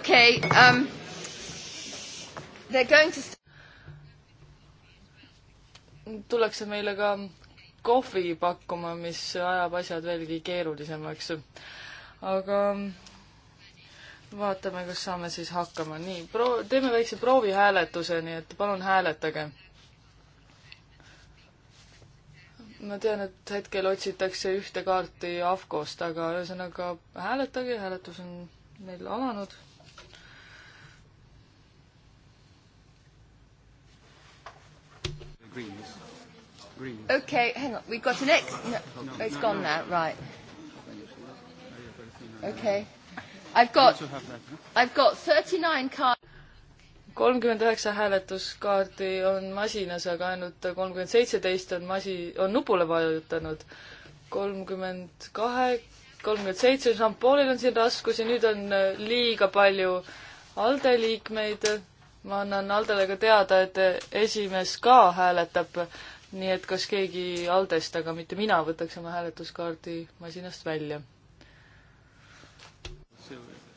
Okay, um, they're going to tullakse meile ka kohvi pakkuma, mis ajab asjad veelgi keerulisemaks. aga um, vaatame, kas saame siis hakkama. nii, proo-, teeme väikse proovihääletuse, nii et palun hääletage. ma tean, et hetkel otsitakse ühte kaarti AFCO-st, aga ühesõnaga hääletage, hääletus on meil alanud Greens. Greens. Okay, hang on. We've got an ex. No, no, oh, it's no, gone no. now. Right. Okay. I've got. I've got 39 cards. kolmkümmend üheksa hääletuskaardi on masinas, aga ainult kolmkümmend seitseteist on masi, on nupule vajutanud. kolmkümmend kahe, kolmkümmend seitse, Jean-Paulil on siin raskusi, nüüd on äh, liiga palju ALDE liikmeid ma annan Aldele ka teada, et esimees ka hääletab, nii et kas keegi Aldest, aga mitte mina, võtaks oma hääletuskaardi masinast välja.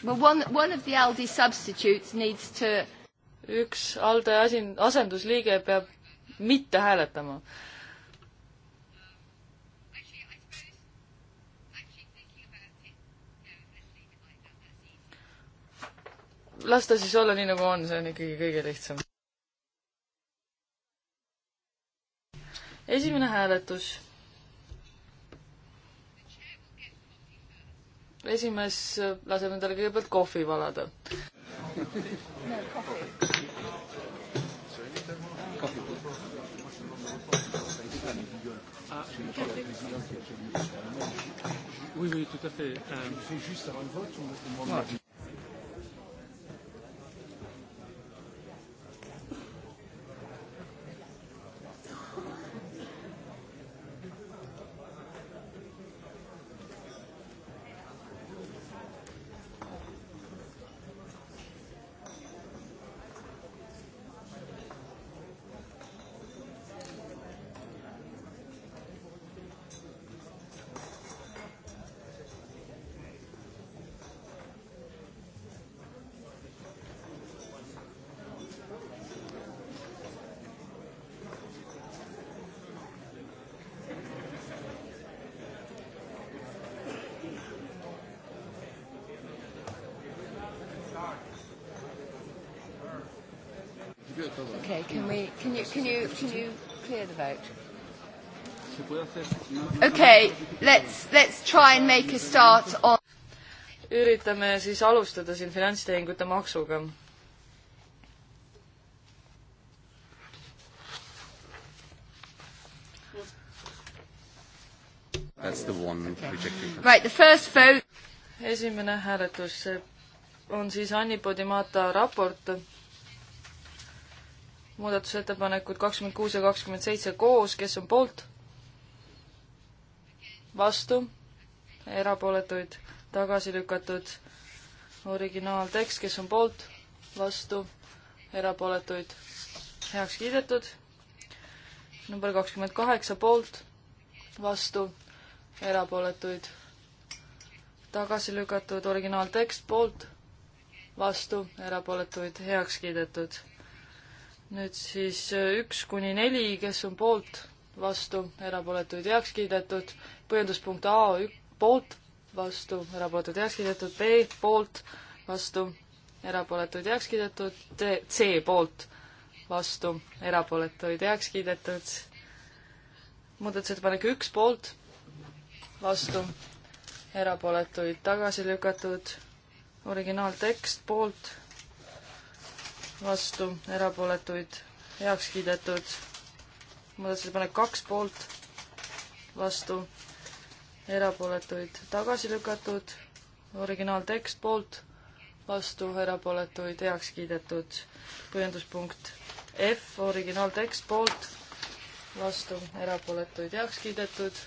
Well, one, one of the Aldi substitutes needs to üks ALDE asin-, asendusliige peab mitte hääletama las ta siis olla nii, nagu on, see on ikkagi kõige lihtsam. esimene hääletus. esimees laseb endale kõigepealt kohvi valada. Oui, oui, tout à fait. Euh... C'est juste avant le vote, on a fait une Okay, can we, can you, can you, can you clear the vote? Okay, let's, let's try and make a start on üritame siis alustada siin finantstehingute maksuga. That's the one rejected. Right, the first vote. esimene hääletus on siis Anni Podimata raport muudatusettepanekud kakskümmend kuus ja kakskümmend seitse koos, kes on poolt? vastu, erapooletuid tagasi lükatud. originaaltekst, kes on poolt, vastu, erapooletuid heaks kiidetud. number kakskümmend kaheksa poolt, vastu, erapooletuid tagasi lükatud. originaaltekst poolt, vastu, erapooletuid heaks kiidetud nüüd siis äh, üks kuni neli, kes on poolt, vastu, erapooletuid heaks kiidetud, põhjenduspunkt A ük-, poolt, vastu, erapooletuid heaks kiidetud, B poolt, vastu, erapooletuid heaks kiidetud, C poolt, vastu, erapooletuid heaks kiidetud, muudatusettepanek üks poolt, vastu, erapooletuid tagasi lükatud, originaaltekst poolt vastu, erapooletuid heaks kiidetud. muudatusettepanek kaks poolt, vastu, erapooletuid tagasi lükatud. originaaltekst poolt, vastu, erapooletuid heaks kiidetud. põhjenduspunkt F, originaaltekst poolt, vastu, erapooletuid heaks kiidetud.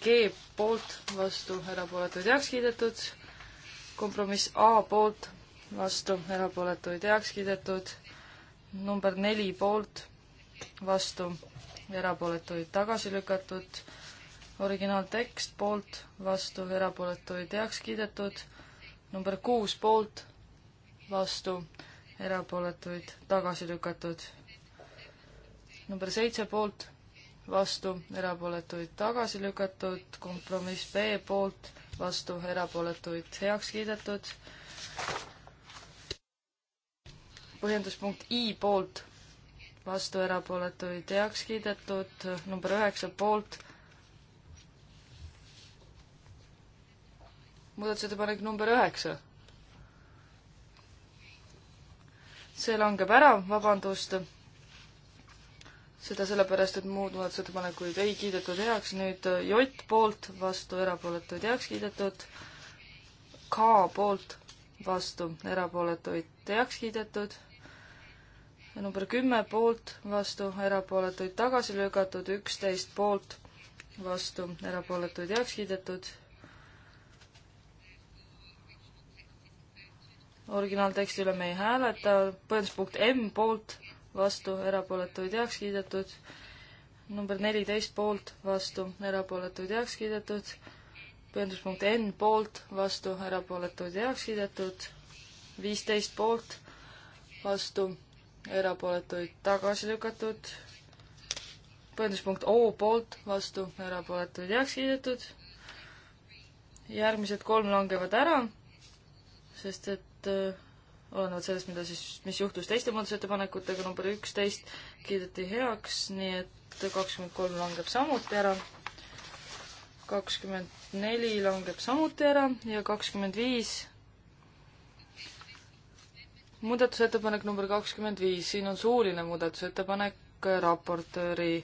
G poolt, vastu, erapooletuid heaks kiidetud. kompromiss A poolt vastu, erapooletuid heaks kiidetud. number neli poolt, vastu, erapooletuid tagasi lükatud. originaaltekst poolt, vastu, erapooletuid heaks kiidetud. number kuus poolt, vastu, erapooletuid tagasi lükatud. number seitse poolt vastu, erapooletuid tagasi lükatud, kompromiss B poolt, vastu, erapooletuid heaks kiidetud põhjenduspunkt I poolt, vastu erapooletuid heaks kiidetud, number üheksa poolt, muudatusettepanek number üheksa. see langeb ära, vabandust. seda sellepärast, et muud muudatusettepanekuid ei kiidetud heaks, nüüd J poolt, vastu erapooletuid heaks kiidetud, K poolt vastu, erapooletuid heaks kiidetud number kümme poolt, vastu, erapooletuid tagasi lükatud, üksteist poolt, vastu, erapooletuid heaks kiidetud. originaalteksti üle me ei hääleta, põhjenduspunkt M poolt, vastu, erapooletuid heaks kiidetud. number neliteist poolt, vastu, erapooletuid heaks kiidetud. põhjenduspunkt N poolt, vastu, erapooletuid heaks kiidetud. viisteist poolt, vastu, erapooletuid tagasi lükatud. põhjenduspunkt O poolt, vastu, erapooletuid heaks kiidetud. järgmised kolm langevad ära, sest et äh, olenevalt sellest, mida siis, mis juhtus teiste muudatusettepanekutega, number üksteist kiideti heaks, nii et kakskümmend kolm langeb samuti ära. kakskümmend neli langeb samuti ära ja kakskümmend viis muudatusettepanek number kakskümmend viis, siin on suuline muudatusettepanek raportööri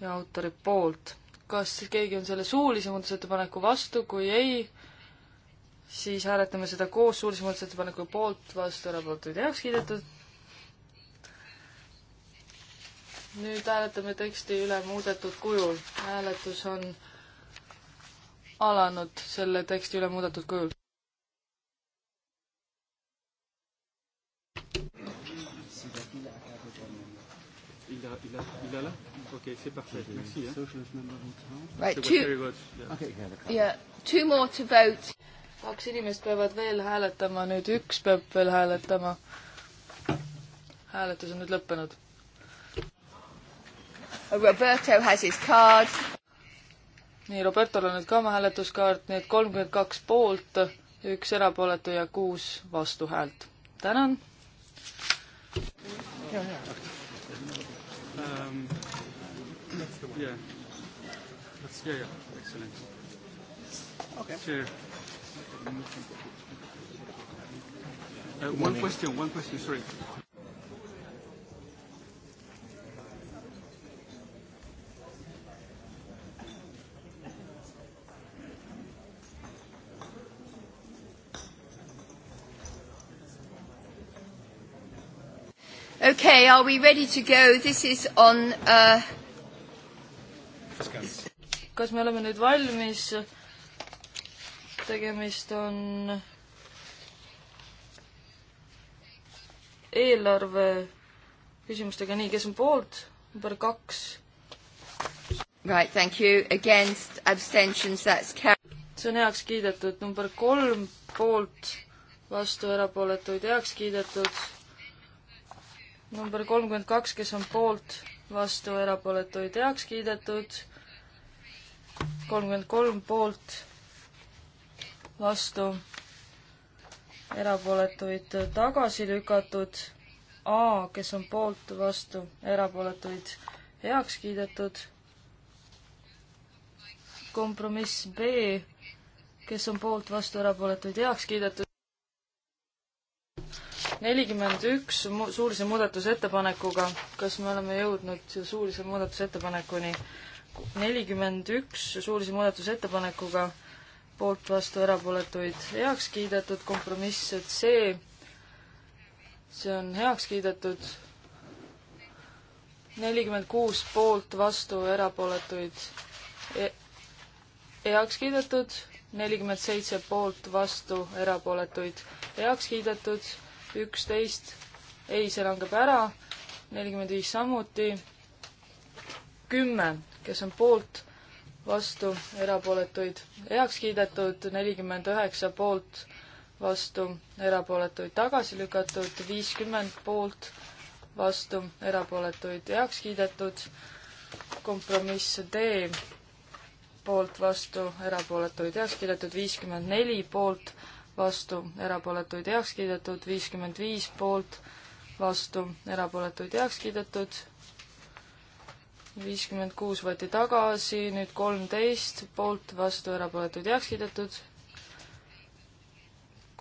ja autori poolt. kas keegi on selle suulise muudatusettepaneku vastu, kui ei, siis hääletame seda koos suulise muudatusettepaneku poolt, vastu, erapooletuid heaks kiidetud. nüüd hääletame teksti üle muudetud kujul. hääletus on alanud selle teksti üle muudetud kujul. c'est parfait. Merci. Hein. Right, two, okay. yeah, two more to vote. kaks inimest peavad veel hääletama, nüüd üks peab veel hääletama. hääletus on nüüd lõppenud. Roberto has his card. nii, Robertol on nüüd ka oma hääletuskaart, nii et kolmkümmend kaks poolt, üks erapooletu ja kuus vastuhäält. tänan. Um, that's the one. Yeah. That's, yeah, yeah. Excellent. Okay. Chair. Uh, one question, one question, sorry. Okay, are we ready to go? This is on uh, kas me oleme nüüd valmis? tegemist on eelarve küsimustega, nii, kes on poolt, number kaks. Right, thank you, against, abstentions, that's carried. see on heaks kiidetud, number kolm poolt, vastu, erapooletuid heaks kiidetud. number kolmkümmend kaks, kes on poolt, vastu, erapooletuid heaks kiidetud kolmkümmend kolm poolt, vastu, erapooletuid tagasi lükatud. A, kes on poolt, vastu, erapooletuid heaks kiidetud. kompromiss B, kes on poolt, vastu, erapooletuid heaks kiidetud. nelikümmend üks suulise muudatusettepanekuga, kas me oleme jõudnud suulise muudatusettepanekuni? nelikümmend üks suulise muudatusettepanekuga poolt, vastu, erapooletuid heaks kiidetud, kompromiss C, see on heaks kiidetud, nelikümmend kuus poolt, vastu, erapooletuid e heaks kiidetud, nelikümmend seitse poolt, vastu, erapooletuid heaks kiidetud, üksteist, ei, see langeb ära, nelikümmend viis samuti, kümme kes on poolt, vastu, erapooletuid heaks kiidetud, nelikümmend üheksa poolt, vastu, erapooletuid tagasi lükatud, viiskümmend poolt, vastu, erapooletuid heaks kiidetud, kompromiss D poolt, vastu, erapooletuid heaks kiidetud, viiskümmend neli poolt, vastu, erapooletuid heaks kiidetud, viiskümmend viis poolt, vastu, erapooletuid heaks kiidetud, viiskümmend kuus võeti tagasi, nüüd kolmteist poolt, vastu, erapooletuid heaks kiidetud.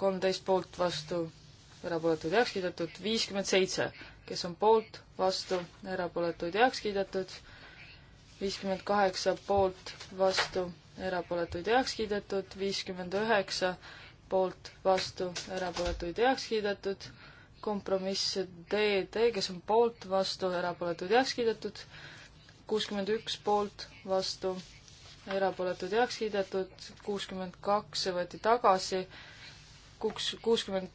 kolmteist poolt, vastu, erapooletuid heaks kiidetud, viiskümmend seitse, kes on poolt, vastu, erapooletuid heaks kiidetud. viiskümmend kaheksa poolt, vastu, erapooletuid heaks kiidetud, viiskümmend üheksa poolt, vastu, erapooletuid heaks kiidetud kompromiss DD, kes on poolt, vastu, erapooletuid heaks kiidetud kuuskümmend üks poolt, vastu, erapooletud heaks kiidetud, kuuskümmend kaks, see võeti tagasi, kuks-, kuuskümmend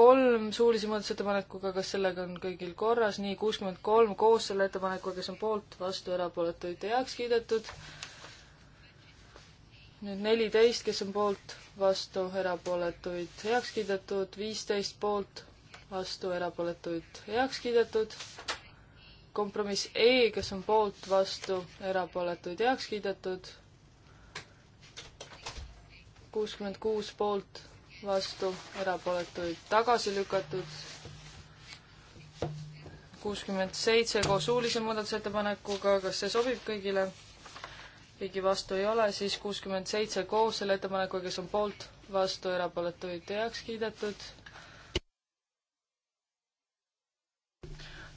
kolm suulise muudatusettepanekuga, kas sellega on kõigil korras, nii, kuuskümmend kolm koos selle ettepanekuga, kes on poolt, vastu, erapooletuid heaks kiidetud, nüüd neliteist, kes on poolt, vastu, erapooletuid heaks kiidetud, viisteist poolt, vastu, erapooletuid heaks kiidetud, kompromiss E, kes on poolt, vastu, erapooletuid heaks kiidetud. kuuskümmend kuus poolt, vastu, erapooletuid tagasi lükatud. kuuskümmend seitse koos suulise muudatusettepanekuga, kas see sobib kõigile? keegi vastu ei ole, siis kuuskümmend seitse koos selle ettepanekuga, kes on poolt, vastu, erapooletuid heaks kiidetud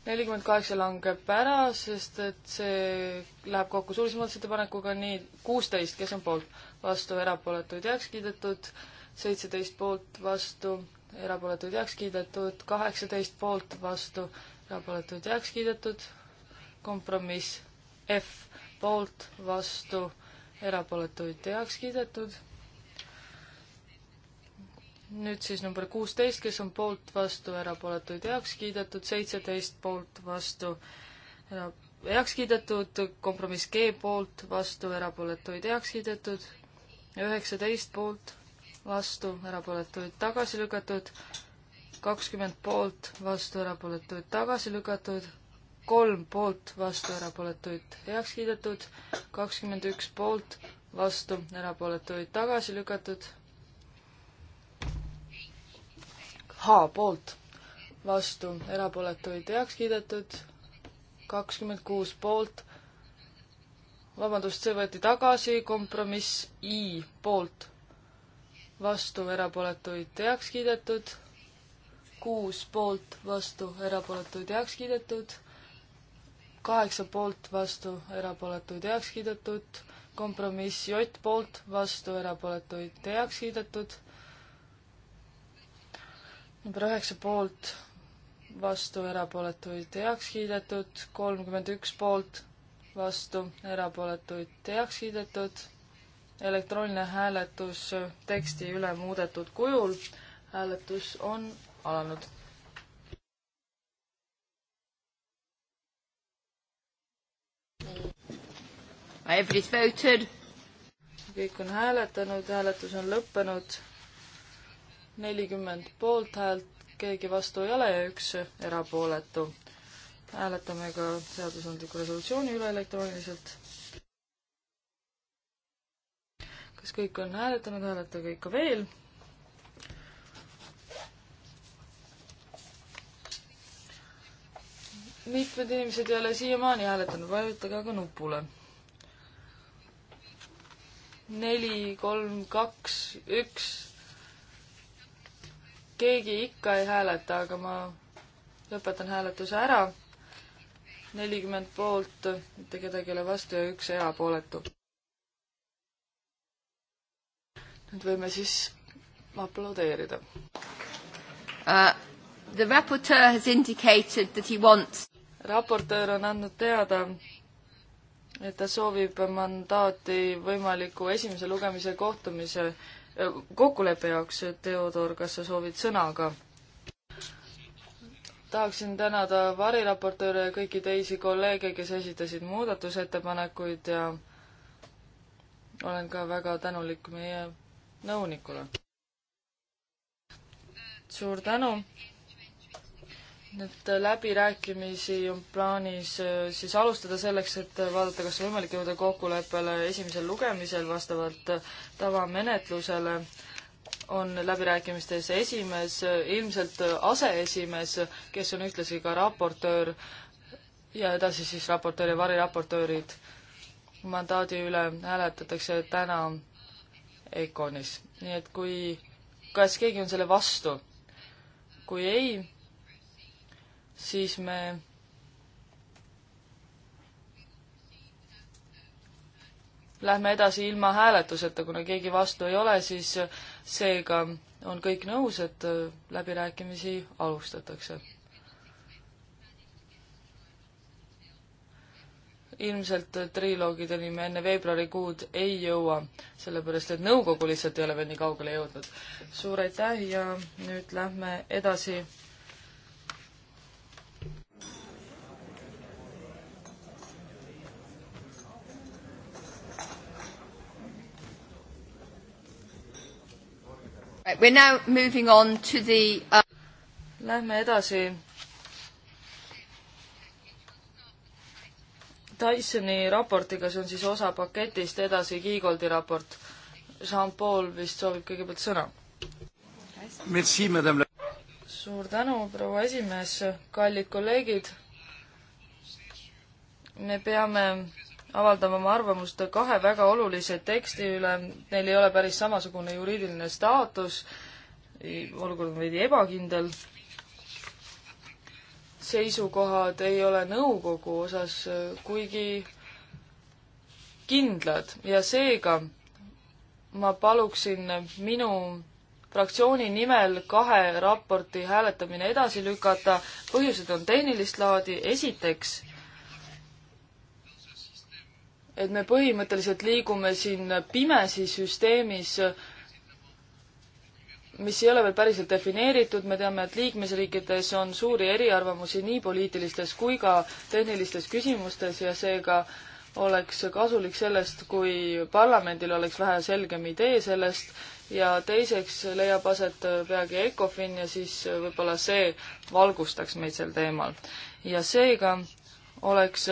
nelikümmend kaheksa langeb ära, sest et see läheb kokku suulise muudatusettepanekuga, nii kuusteist, kes on poolt, vastu, erapooletuid heaks kiidetud, seitseteist poolt, vastu, erapooletuid heaks kiidetud, kaheksateist poolt, vastu, erapooletuid heaks kiidetud, kompromiss F poolt, vastu, erapooletuid heaks kiidetud nüüd siis number kuusteist, kes on poolt, vastu, erapooletuid heaks kiidetud, seitseteist poolt, vastu, heaks kiidetud, kompromiss G poolt, vastu, erapooletuid heaks kiidetud, üheksateist poolt, vastu, erapooletuid tagasi lükatud, kakskümmend poolt, vastu, erapooletuid tagasi lükatud, kolm poolt, vastu, erapooletuid heaks kiidetud, kakskümmend üks poolt, vastu, erapooletuid tagasi lükatud H poolt, vastu, erapooletuid heaks kiidetud, kakskümmend kuus poolt, vabandust, see võeti tagasi, kompromiss I poolt, vastu, erapooletuid heaks kiidetud, kuus poolt, vastu, erapooletuid heaks kiidetud, kaheksa poolt, vastu, erapooletuid heaks kiidetud, kompromiss J poolt, vastu, erapooletuid heaks kiidetud number üheksa poolt, vastu, erapooletuid heaks kiidetud, kolmkümmend üks poolt, vastu, erapooletuid heaks kiidetud, elektrooniline hääletus teksti üle muudetud kujul, hääletus on alanud Everybody's voted. kõik on hääletanud, hääletus on lõppenud nelikümmend poolthäält, keegi vastu ei ole ja üks erapooletu. hääletame ka seadusandliku resolutsiooni üle elektrooniliselt. kas kõik on hääletanud, hääletage ikka veel. mitmed inimesed ei ole siiamaani hääletanud, vajutage aga nupule neli, kolm, kaks, üks keegi ikka ei hääleta, aga ma lõpetan hääletuse ära. nelikümmend poolt, mitte kedagi ei ole vastu ja üks erapooletu. nüüd võime siis aplodeerida uh,. The raporteur has indicated that he wants raportöör on andnud teada, et ta soovib mandaati võimaliku esimese lugemise kohtumise kokkuleppe jaoks. Theodor, kas sa soovid sõna ka? tahaksin tänada variraportööre ja kõiki teisi kolleege, kes esitasid muudatusettepanekuid ja olen ka väga tänulik meie nõunikule. suur tänu! et läbirääkimisi on plaanis äh, siis alustada selleks, et vaadata, kas on võimalik jõuda kokkuleppele esimesel lugemisel vastavalt äh, tavamenetlusele, on läbirääkimistes esimees, äh, ilmselt aseesimees, kes on ühtlasi ka raportöör ja edasi siis raportöör ja variraportöörid. mandaadi üle hääletatakse täna EKONis, nii et kui, kas keegi on selle vastu? kui ei, siis me lähme edasi ilma hääletuseta, kuna keegi vastu ei ole, siis seega on kõik nõus, et läbirääkimisi alustatakse. ilmselt triloogideni me enne veebruarikuud ei jõua, sellepärast et nõukogu lihtsalt ei ole veel nii kaugele jõudnud. suur aitäh ja nüüd lähme edasi We're now moving on to the uh... Lähme edasi Dysoni raportiga, see on siis osa paketist, edasi Kiigoldi raport. Jean-Paul vist soovib kõigepealt sõna. suur tänu, proua esimees, kallid kolleegid. me peame avaldame oma arvamust kahe väga olulise teksti üle, neil ei ole päris samasugune juriidiline staatus, olukord on veidi ebakindel, seisukohad ei ole nõukogu osas kuigi kindlad ja seega ma paluksin minu fraktsiooni nimel kahe raporti hääletamine edasi lükata. põhjused on tehnilist laadi, esiteks et me põhimõtteliselt liigume siin pimesi süsteemis, mis ei ole veel päriselt defineeritud, me teame, et liikmesriikides on suuri eriarvamusi nii poliitilistes kui ka tehnilistes küsimustes ja seega oleks kasulik sellest, kui parlamendil oleks vähe selgem idee sellest ja teiseks leiab aset peagi Ecofin ja siis võib-olla see valgustaks meid sel teemal. ja seega oleks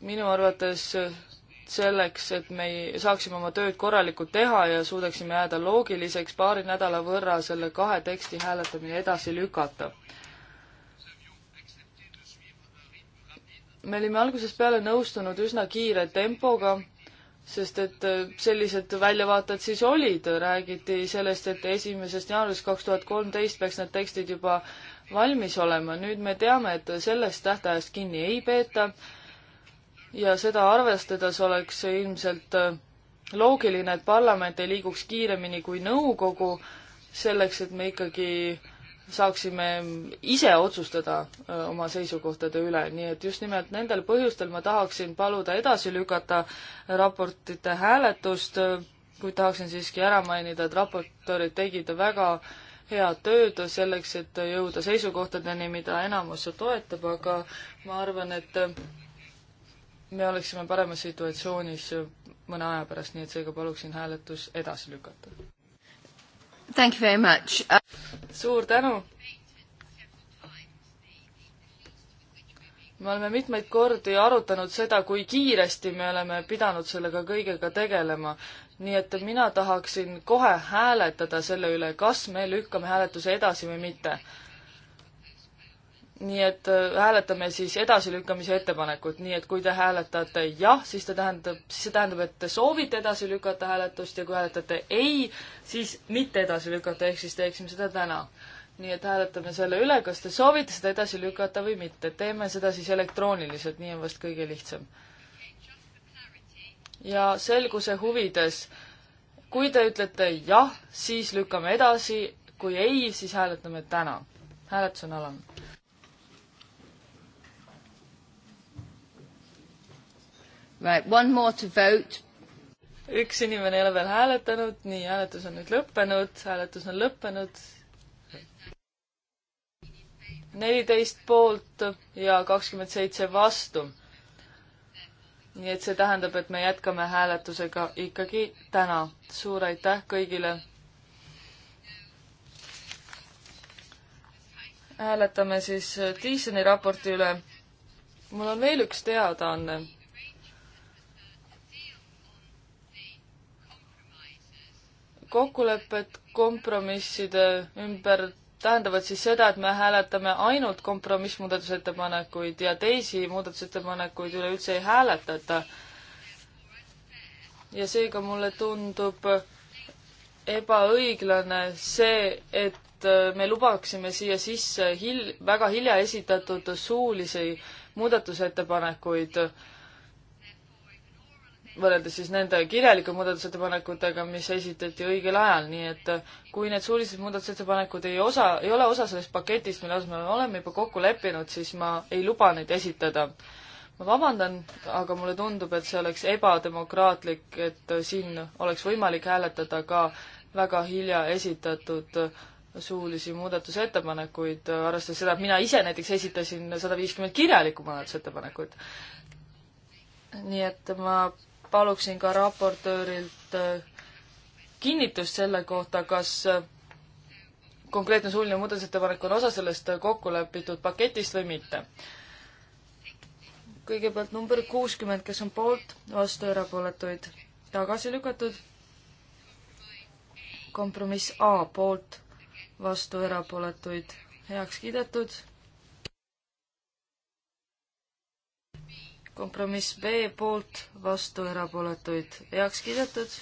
minu arvates selleks, et me ei, saaksime oma tööd korralikult teha ja suudaksime jääda loogiliseks, paari nädala võrra selle kahe teksti hääletamine edasi lükata. me olime algusest peale nõustunud üsna kiire tempoga, sest et äh, sellised väljavaated siis olid, räägiti sellest, et esimesest jaanuarist kaks tuhat kolmteist peaks need tekstid juba valmis olema, nüüd me teame, et sellest tähtajast kinni ei peeta ja seda arvestades oleks ilmselt äh, loogiline, et parlament ei liiguks kiiremini kui nõukogu, selleks et me ikkagi saaksime ise otsustada äh, oma seisukohtade üle, nii et just nimelt nendel põhjustel ma tahaksin paluda edasi lükata raportite hääletust, äh, kuid tahaksin siiski ära mainida, et raportöörid tegid väga head tööd selleks, et jõuda seisukohtadeni, mida enamus toetab, aga ma arvan, et me oleksime paremas situatsioonis mõne aja pärast, nii et seega paluksin hääletus edasi lükata. Thank you very much uh.... suur tänu. me oleme mitmeid kordi arutanud seda, kui kiiresti me oleme pidanud sellega kõigega tegelema. nii et mina tahaksin kohe hääletada selle üle, kas me lükkame hääletuse edasi või mitte nii et äh, hääletame siis edasilükkamise ettepanekut, nii et kui te hääletate jah, siis ta tähendab, siis see tähendab, et te soovite edasi lükata hääletust ja kui hääletate ei, siis mitte edasi lükata, ehk siis teeksime seda täna. nii et hääletame selle üle, kas te soovite seda edasi lükata või mitte. teeme seda siis elektrooniliselt, nii on vast kõige lihtsam. ja selguse huvides, kui te ütlete jah, siis lükkame edasi, kui ei, siis hääletame täna. hääletus on alanud. Right, one more to vote. üks inimene ei ole veel hääletanud, nii, hääletus on nüüd lõppenud, hääletus on lõppenud. neliteist poolt ja kakskümmend seitse vastu. nii et see tähendab, et me jätkame hääletusega ikkagi täna. suur aitäh kõigile. hääletame siis Thyssen'i raporti üle. mul on veel üks teadaanne kokkulepped kompromisside ümber tähendavad siis seda, et me hääletame ainult kompromissmuudatusettepanekuid ja teisi muudatusettepanekuid üleüldse ei hääletata. ja seega mulle tundub ebaõiglane see, et me lubaksime siia sisse hil-, väga hilja esitatud suulisi muudatusettepanekuid võrreldes siis nende kirjalike muudatusettepanekutega, mis esitati õigel ajal, nii et äh, kui need suulised muudatusettepanekud ei osa, ei ole osa sellest paketist, milles me oleme juba kokku leppinud, siis ma ei luba neid esitada. ma vabandan, aga mulle tundub, et see oleks ebademokraatlik, et äh, siin oleks võimalik hääletada ka väga hilja esitatud äh, suulisi muudatusettepanekuid, arvestades seda, et mina ise näiteks esitasin sada viiskümmend kirjalikku muudatusettepanekut. nii et ma paluksin ka raportöörilt äh, kinnitust selle kohta, kas äh, konkreetne suuline muudatusettepanek on osa sellest äh, kokku lepitud paketist või mitte. kõigepealt number kuuskümmend, kes on poolt, vastu, erapooletuid, tagasi lükatud. kompromiss A poolt, vastu, erapooletuid, heaks kiidetud kompromiss B poolt, vastu, erapooletuid heaks kiidetud.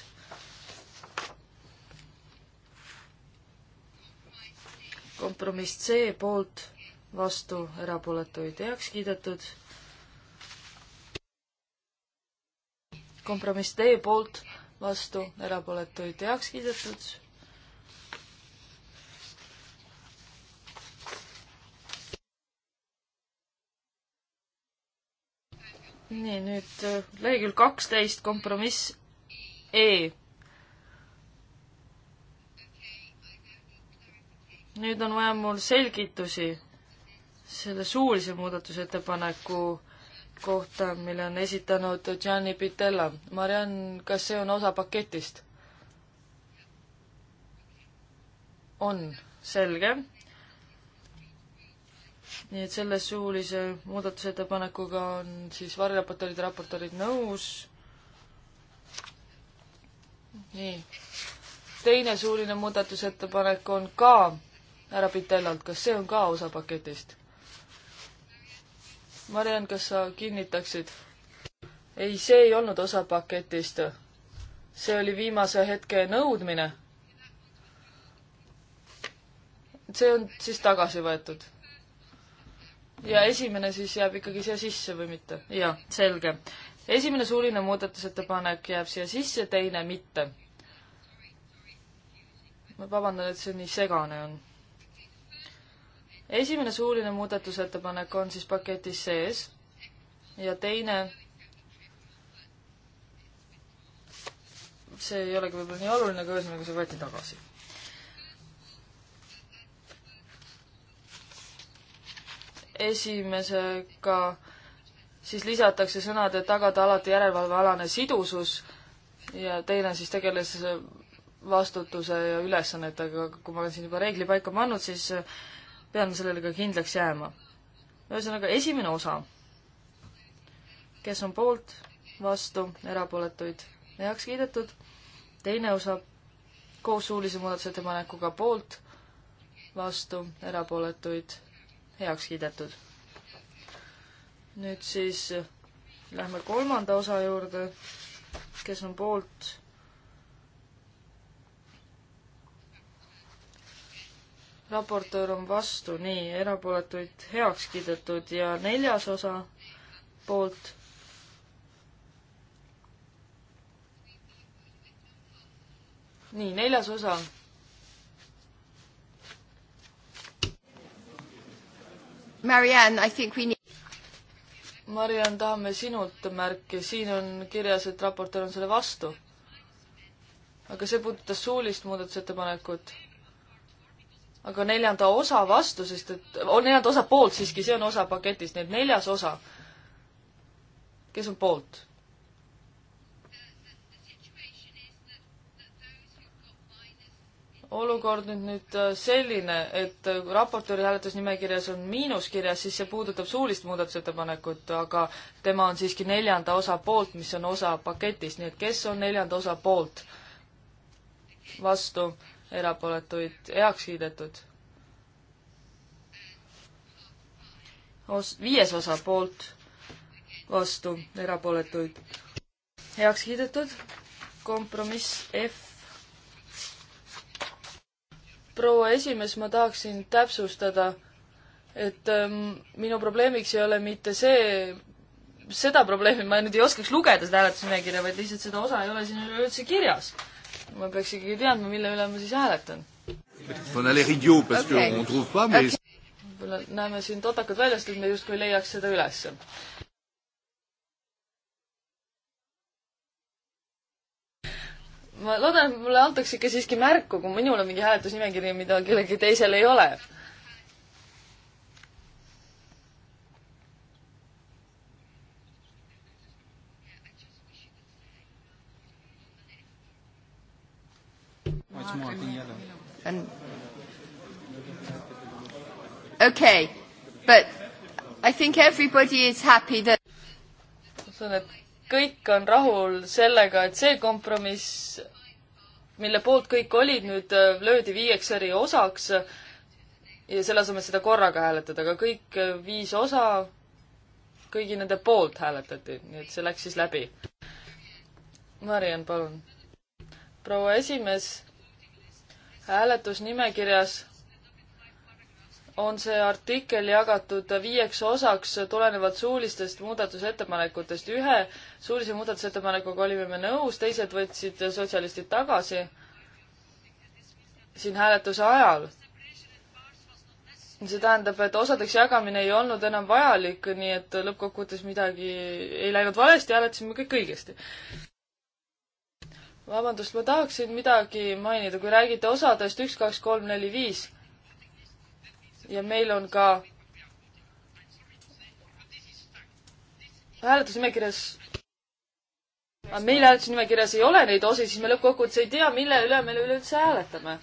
kompromiss C poolt, vastu, erapooletuid heaks kiidetud. kompromiss D poolt, vastu, erapooletuid heaks kiidetud nii, nüüd äh, lehekülg kaksteist, kompromiss E. nüüd on vaja mul selgitusi selle suulise muudatusettepaneku kohta, mille on esitanud Gianni Pitella. Mariann, kas see on osa paketist? on, selge nii et selle suulise muudatusettepanekuga on siis variraportorid ja raportorid nõus. nii. teine suuline muudatusettepanek on ka härra Pitellalt, kas see on ka osa paketist? Mariann, kas sa kinnitaksid? ei, see ei olnud osa paketist. see oli viimase hetke nõudmine. see on siis tagasi võetud ja esimene siis jääb ikkagi siia sisse või mitte? jaa, selge. esimene suuline muudatusettepanek jääb siia sisse, teine mitte. ma vabandan, et see nii segane on. esimene suuline muudatusettepanek on siis paketis sees ja teine see ei olegi võib-olla nii oluline, aga ühesõnaga see võeti tagasi esimesega siis lisatakse sõnad, et tagada alati järelevalvealane sidusus ja teine siis tegeles vastutuse ja ülesannetega, kui ma olen siin juba reegli paika pannud, siis pean sellele ka kindlaks jääma. ühesõnaga, esimene osa. kes on poolt, vastu, erapooletuid, heaks kiidetud. teine osa koos suulise muudatusettepanekuga poolt, vastu, erapooletuid heaks kiidetud. nüüd siis lähme kolmanda osa juurde, kes on poolt. raportöör on vastu, nii, erapooletuid heaks kiidetud ja neljas osa poolt nii, neljas osa Marianne, I think we need Mariann, tahame sinult märki, siin on kirjas, et raportöör on selle vastu. aga see puudutas suulist muudatusettepanekut. aga neljanda osa vastu, sest et, on oh, neljanda osa poolt siiski, see on osa paketist, nii et neljas osa. kes on poolt? olukord nüüd nüüd äh, selline, et äh, raportööri hääletusnimekirjas on miinus kirjas, siis see puudutab suulist muudatusettepanekut, aga tema on siiski neljanda osa poolt, mis on osa paketist, nii et kes on neljanda osa poolt? vastu, erapooletuid, heaks kiidetud? Os-, viies osa poolt, vastu, erapooletuid, heaks kiidetud, kompromiss F proua esimees, ma tahaksin täpsustada, et ähm, minu probleemiks ei ole mitte see, seda probleemi, ma nüüd ei oskaks lugeda seda hääletusnimekirja, vaid lihtsalt seda osa ei ole siin üleüldse kirjas. ma peaks ikkagi teadma, mille üle ma siis hääletan. Okay. näeme siin totakad välja, sest et me justkui leiaks seda ülesse. ma loodan, et mulle antakse ikka siiski märku, kui minul on mingi hääletusnimekiri, mida kellelgi teisel ei ole. Okay, but I think everybody is happy that usun, et kõik on rahul sellega, et see kompromiss mille poolt kõik olid, nüüd äh, löödi viieks eri osaks ja selle asemel seda korraga hääletada, aga kõik äh, viis osa, kõigi nende poolt hääletati, nii et see läks siis läbi. Mariann, palun. proua esimees, hääletusnimekirjas on see artikkel jagatud viieks osaks tulenevalt suulistest muudatusettepanekutest. ühe suulise muudatusettepanekuga olime me nõus, teised võtsid sotsialistid tagasi siin hääletuse ajal. see tähendab, et osadeks jagamine ei olnud enam vajalik, nii et lõppkokkuvõttes midagi ei läinud valesti, hääletasime kõik õigesti. vabandust, ma tahaksin midagi mainida, kui räägite osadest üks, kaks, kolm, neli, viis ja meil on ka hääletusnimekirjas aga ah, meil hääletusnimekirjas ei ole neid osi, siis me lõppkokkuvõttes ei tea, mille üle me üleüldse hääletame.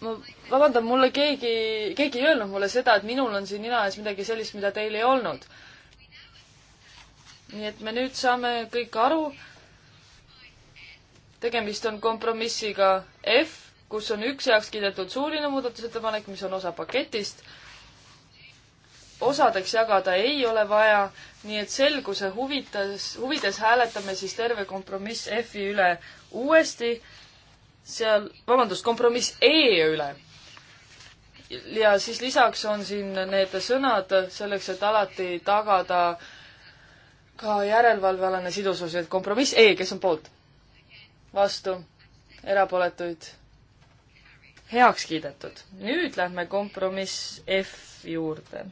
ma vabandan, mulle keegi, keegi ei öelnud mulle seda, et minul on siin nina ees midagi sellist, mida teil ei olnud. nii et me nüüd saame kõik aru. tegemist on kompromissiga F kus on üks heaks kiidetud suuline muudatusettepanek, mis on osa paketist. osadeks jagada ei ole vaja, nii et selguse huvitas, huvides hääletame siis terve kompromiss F-i üle uuesti, seal, vabandust, kompromiss E üle. ja siis lisaks on siin need sõnad selleks, et alati tagada ka järelevalvealane sidusus, et kompromiss E, kes on poolt? vastu erapooletuid heaks kiidetud. nüüd lähme kompromiss F juurde.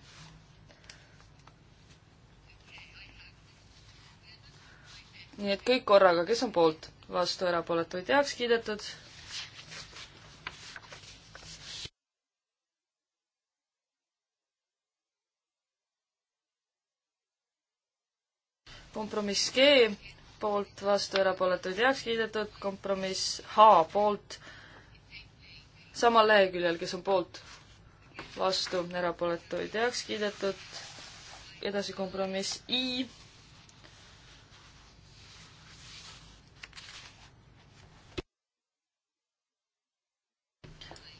nii et kõik korraga, kes on poolt, vastu, erapooletuid heaks kiidetud. kompromiss G poolt, vastu, erapooletuid heaks kiidetud, kompromiss H poolt samal leheküljel, kes on poolt, vastu, erapooletuid heaks kiidetud. edasi kompromiss I.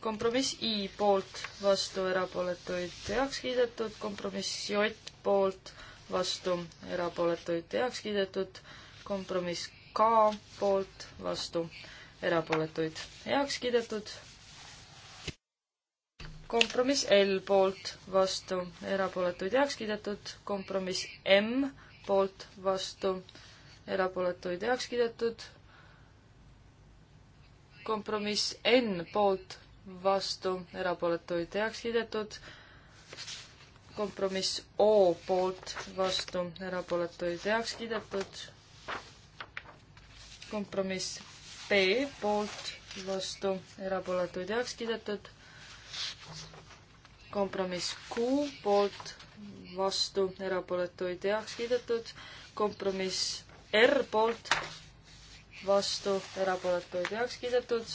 kompromiss I poolt, vastu, erapooletuid heaks kiidetud, kompromiss J poolt, vastu, erapooletuid heaks kiidetud, kompromiss K poolt, vastu, erapooletuid heaks kiidetud kompromiss L poolt, vastu, erapooletuid heaks kiidetud, kompromiss M poolt, vastu, erapooletuid heaks kiidetud, kompromiss N poolt, vastu, erapooletuid heaks kiidetud, kompromiss O poolt, vastu, erapooletuid heaks kiidetud, kompromiss B poolt, vastu, erapooletuid heaks kiidetud kompromiss Q poolt, vastu, erapooletuid heaks kiidetud. kompromiss R poolt, vastu, erapooletuid heaks kiidetud.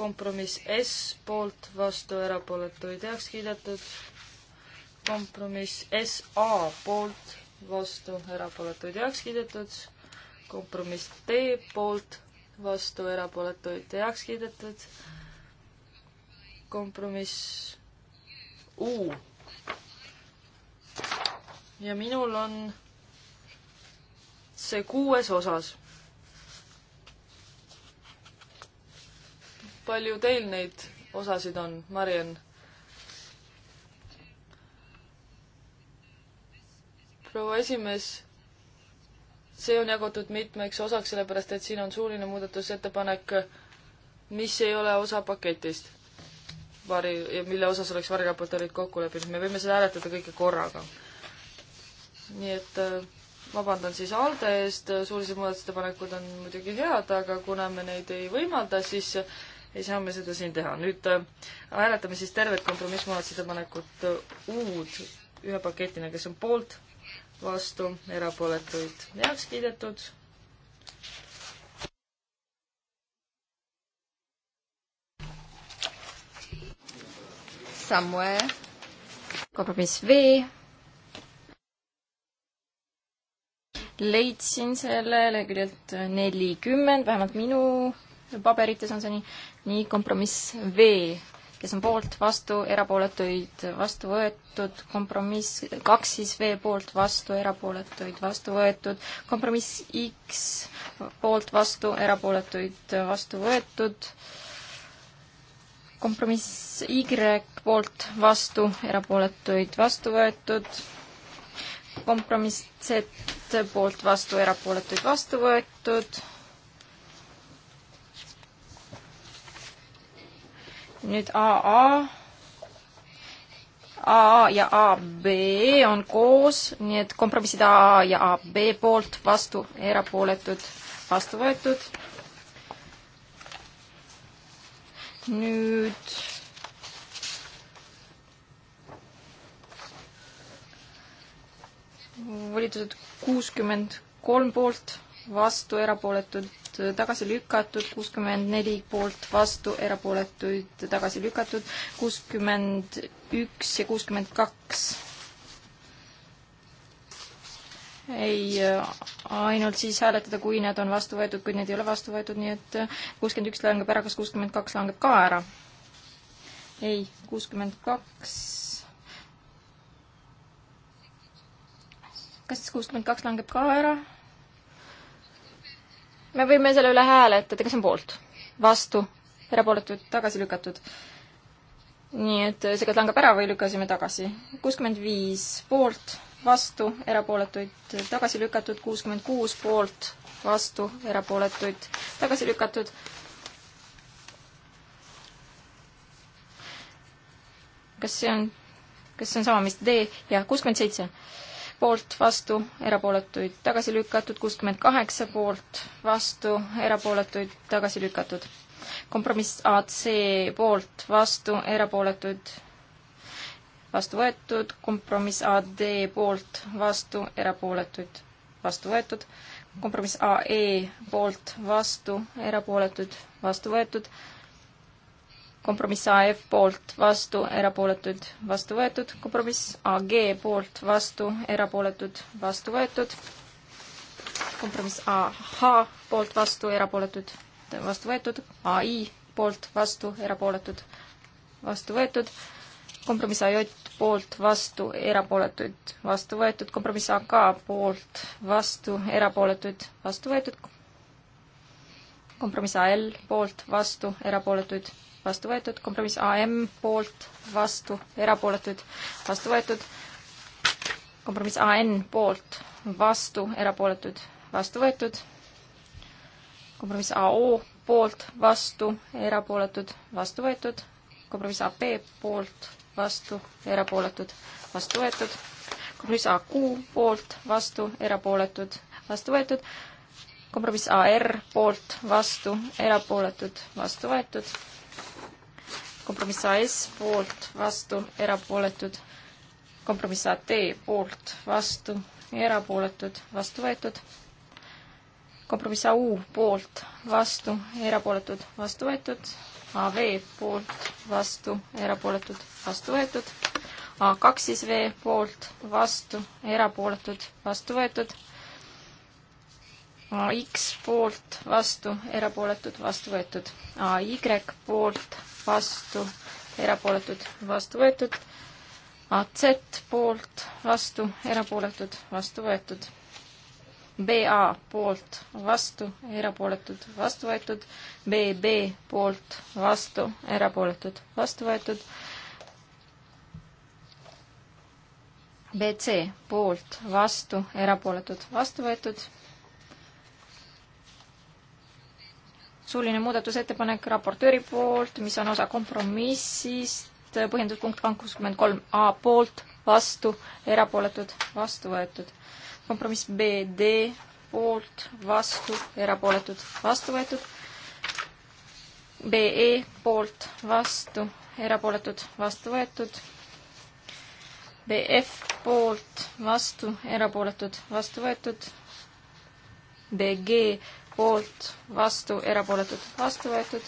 kompromiss S poolt, vastu, erapooletuid heaks kiidetud. kompromiss SA poolt, vastu, erapooletuid heaks kiidetud. kompromiss T poolt vastu, erapooletuid heaks kiidetud. kompromiss U. ja minul on see kuues osas. palju teil neid osasid on, Mariann? proua esimees see on jagatud mitmeks osaks, sellepärast et siin on suuline muudatusettepanek, mis ei ole osa paketist. Vari, mille osas oleks variraportöörid kokku leppinud, me võime seda hääletada kõike korraga. nii et äh, vabandan siis ALDE eest, suulised muudatusettepanekud on muidugi head, aga kuna me neid ei võimalda, siis ei saa me seda siin teha. nüüd äh, hääletame siis tervet kompromissmuudatusettepanekut äh, uud ühe paketina, kes on poolt vastu, erapooletuid heaks kiidetud. Somewhere. kompromiss V. leidsin selle leheküljelt nelikümmend, vähemalt minu paberites on see nii, nii kompromiss V kes on poolt, vastu, erapooletuid, vastu võetud, kompromiss kaks siis V poolt, vastu, erapooletuid, vastu võetud, kompromiss X poolt, vastu, erapooletuid, vastu võetud, kompromiss Y poolt, vastu, erapooletuid, vastu võetud, kompromiss Z poolt, vastu, erapooletuid, vastu võetud nüüd AA. AA ja AB on koos, nii et kompromissid AA ja AB poolt vastu, erapooletud, vastu võetud. nüüd volitused kuuskümmend kolm poolt, vastu erapooletud tagasi lükatud, kuuskümmend neli poolt vastu, erapooletuid tagasi lükatud, kuuskümmend üks ja kuuskümmend kaks. ei, ainult siis hääletada, kui need on vastu võetud, kui need ei ole vastu võetud, nii et kuuskümmend üks langeb ära, kas kuuskümmend kaks langeb ka ära? ei, kuuskümmend kaks kas siis kuuskümmend kaks langeb ka ära? me võime selle üle hääletada, kes on poolt? vastu? erapooletud? tagasi lükatud? nii et see kas langeb ära või lükkasime tagasi. kuuskümmend viis poolt, vastu, erapooletuid tagasi lükatud, kuuskümmend kuus poolt, vastu, erapooletuid tagasi lükatud. kas see on, kas see on sama, mis D? jah, kuuskümmend seitse poolt, vastu, erapooletuid tagasi lükatud, kuuskümmend kaheksa poolt, vastu, erapooletuid tagasi lükatud. kompromiss AC poolt, vastu, erapooletuid vastu võetud, kompromiss AD poolt, vastu, erapooletuid vastu võetud, kompromiss AE poolt, vastu, erapooletuid vastu võetud, kompromiss AF poolt vastu, erapooletud, vastu võetud, kompromiss AG poolt vastu, erapooletud, vastu võetud, kompromiss AH poolt vastu, erapooletud, vastu võetud, ai poolt vastu, erapooletud, vastu võetud, kompromiss AJ poolt vastu, erapooletuid, vastu võetud, kompromiss AK poolt vastu, erapooletuid, vastu võetud, kompromiss AL poolt vastu, erapooletuid, vastu võetud, kompromiss AM poolt, vastu, erapooletuid, vastu võetud, kompromiss AN poolt, vastu, erapooletuid, vastu võetud, kompromiss AO poolt, vastu, erapooletud, vastu võetud, kompromiss AB poolt, vastu, erapooletud, vastu võetud, kompromiss AQ poolt, vastu, erapooletud, vastu võetud, kompromiss AR poolt, vastu, erapooletud, vastu võetud kompromiss AS poolt, vastu, erapooletud. kompromiss AT poolt, vastu, erapooletud, vastu võetud. kompromiss AU poolt, vastu, erapooletud, vastu võetud. AV poolt, vastu, erapooletud, vastu võetud. A2 siis V poolt, vastu, erapooletud, vastu võetud AX poolt, vastu, erapooletud, vastu võetud. AY poolt, vastu, erapooletud, vastu võetud. AZ poolt, vastu, erapooletud, vastu võetud. BA poolt, vastu, erapooletud, vastu võetud. BB poolt, vastu, erapooletud, vastu võetud. BC poolt, vastu, erapooletud, vastu võetud suuline muudatusettepanek raportööri poolt, mis on osa kompromissist, põhjenduspunkt kakskümmend kolm A poolt, vastu, erapooletud, vastu võetud. kompromiss BD poolt, vastu, erapooletud, vastu võetud. BE poolt, vastu, erapooletud, vastu võetud. BF poolt, vastu, erapooletud, vastu võetud. BG poolt, vastu, erapooletud, vastu võetud.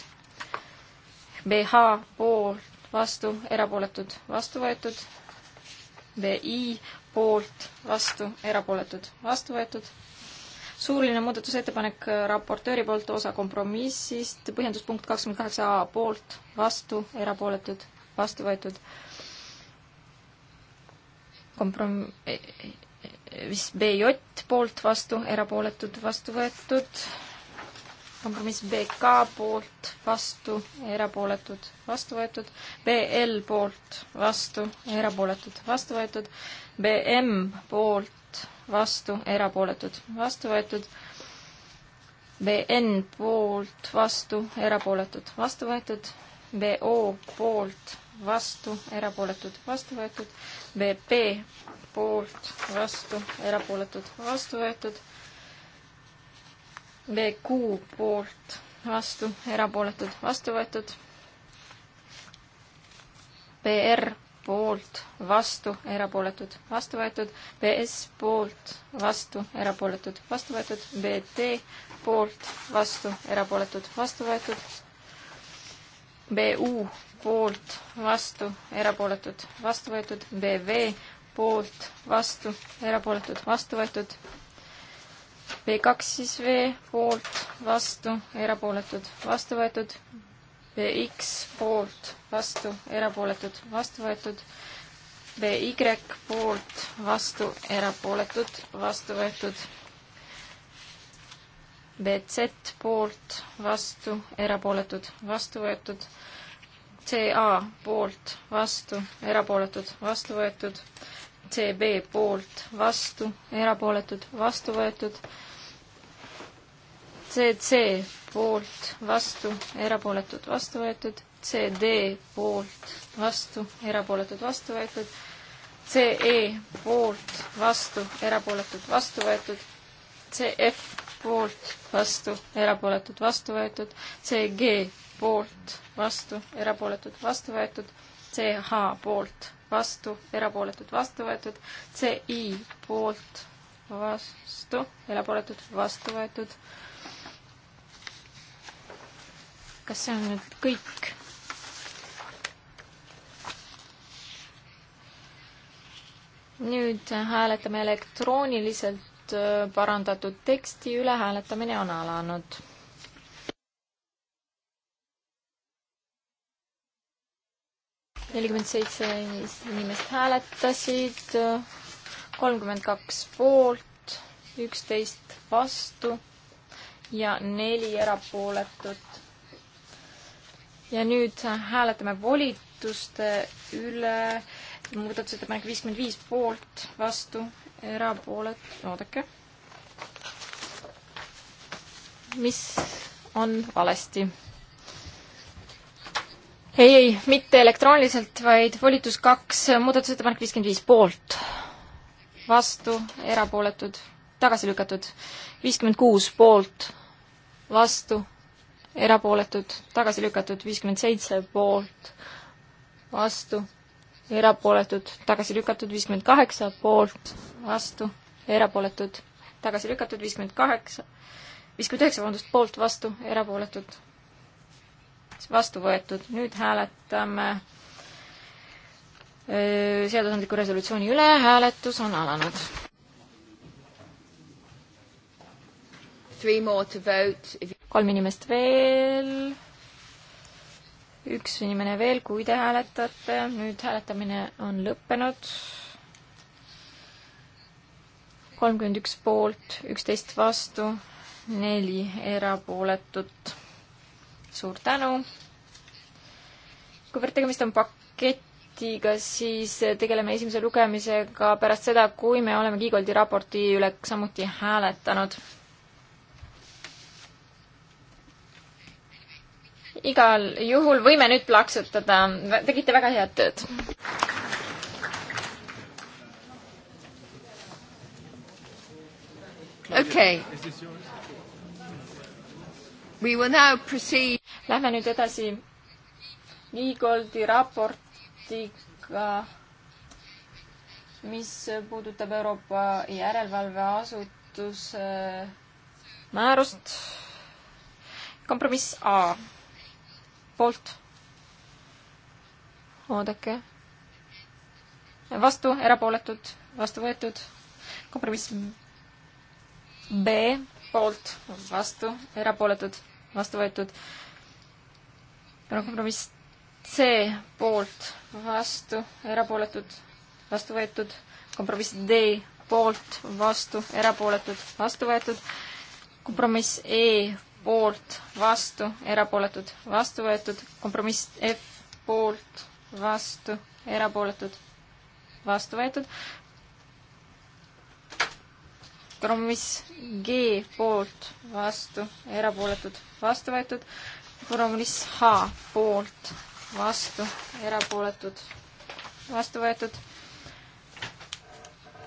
BH poolt, vastu, erapooletud, vastu võetud. BI poolt, vastu, erapooletud, vastu võetud. suuline muudatusettepanek raportööri poolt osa kompromissist, põhjenduspunkt kakskümmend kaheksa A poolt, vastu, erapooletud, vastu võetud komprom-, e- e- siis BJ poolt vastu, erapooletud, vastu võetud. kompromiss BK poolt vastu, erapooletud, vastu võetud. BL poolt vastu, erapooletud, vastu võetud. BM poolt vastu, erapooletud, vastu võetud. BN poolt vastu, erapooletud, vastu võetud. BO poolt vastu, erapooletud, vastu võetud. BP poolt, vastu, erapooletud, vastu võetud. BQ poolt, vastu, erapooletud, vastu võetud. PR poolt, vastu, erapooletud, vastu võetud, BS poolt, vastu, erapooletud, vastu võetud, BT poolt, vastu, erapooletud, vastu võetud, BU poolt, vastu, erapooletud, vastu võetud, BV poolt, vastu, erapooletud, vastu võetud. B2 siis V poolt, vastu, erapooletud, vastu võetud. BX poolt, vastu, erapooletud, vastu võetud. BY poolt, vastu, erapooletud, vastu võetud. BZ poolt, vastu, erapooletud, vastu võetud. CA poolt, vastu, erapooletud, vastu võetud CB poolt, vastu, erapooletud, vastu võetud. CC poolt, vastu, erapooletud, vastu võetud. CD poolt, vastu, erapooletud, vastu võetud. CE poolt, vastu, erapooletud, vastu võetud. CF poolt, vastu, erapooletud, vastu võetud. CG poolt, vastu, erapooletud, vastu võetud. CH poolt, vastu, erapooletud, vastu võetud, CI poolt, vastu, erapooletud, vastu võetud. kas see on nüüd kõik? nüüd hääletame elektrooniliselt äh, parandatud teksti üle, hääletamine on alanud nelikümmend seitse inimest hääletasid, kolmkümmend kaks poolt, üksteist vastu ja neli erapooletut. ja nüüd hääletame volituste üle. muudatusettepanek viiskümmend viis poolt, vastu, erapoolet-, oodake. mis on valesti? ei, ei, mitte elektrooniliselt, vaid volitus kaks, muudatusettepanek viiskümmend viis poolt, vastu, erapooletud, tagasi lükatud, viiskümmend kuus poolt, vastu, erapooletud, tagasi lükatud, viiskümmend seitse poolt, vastu, erapooletud, tagasi lükatud, viiskümmend kaheksa poolt, vastu, erapooletud, tagasi lükatud, viiskümmend kaheksa, viiskümmend üheksa, vabandust, poolt, vastu, erapooletud, vastu võetud. nüüd hääletame seadusandliku resolutsiooni üle, hääletus on alanud. kolm inimest veel, üks inimene veel, kui te hääletate, nüüd hääletamine on lõppenud. kolmkümmend üks poolt, üksteist vastu, neli erapooletut suur tänu. kuivõrd tegemist on paketiga, siis tegeleme esimese lugemisega pärast seda, kui me oleme Kiigoldi raporti üle samuti hääletanud. igal juhul võime nüüd plaksutada, tegite väga head tööd. okei okay Lähme nüüd edasi Niigoldi raportiga, mis puudutab Euroopa järelevalveasutuse määrust. kompromiss A poolt. oodake. vastu, erapooletud, vastu võetud. kompromiss B poolt, vastu, erapooletud, vastu võetud. kompromiss C poolt, vastu, erapooletud, vastu võetud. kompromiss D poolt, vastu, erapooletud, vastu võetud. kompromiss E poolt, vastu, erapooletud, vastu võetud. kompromiss F poolt, vastu, erapooletud, vastu võetud kompromiss G poolt, vastu, erapooletud, vastu võetud. kompromiss H poolt, vastu, erapooletud, vastu võetud.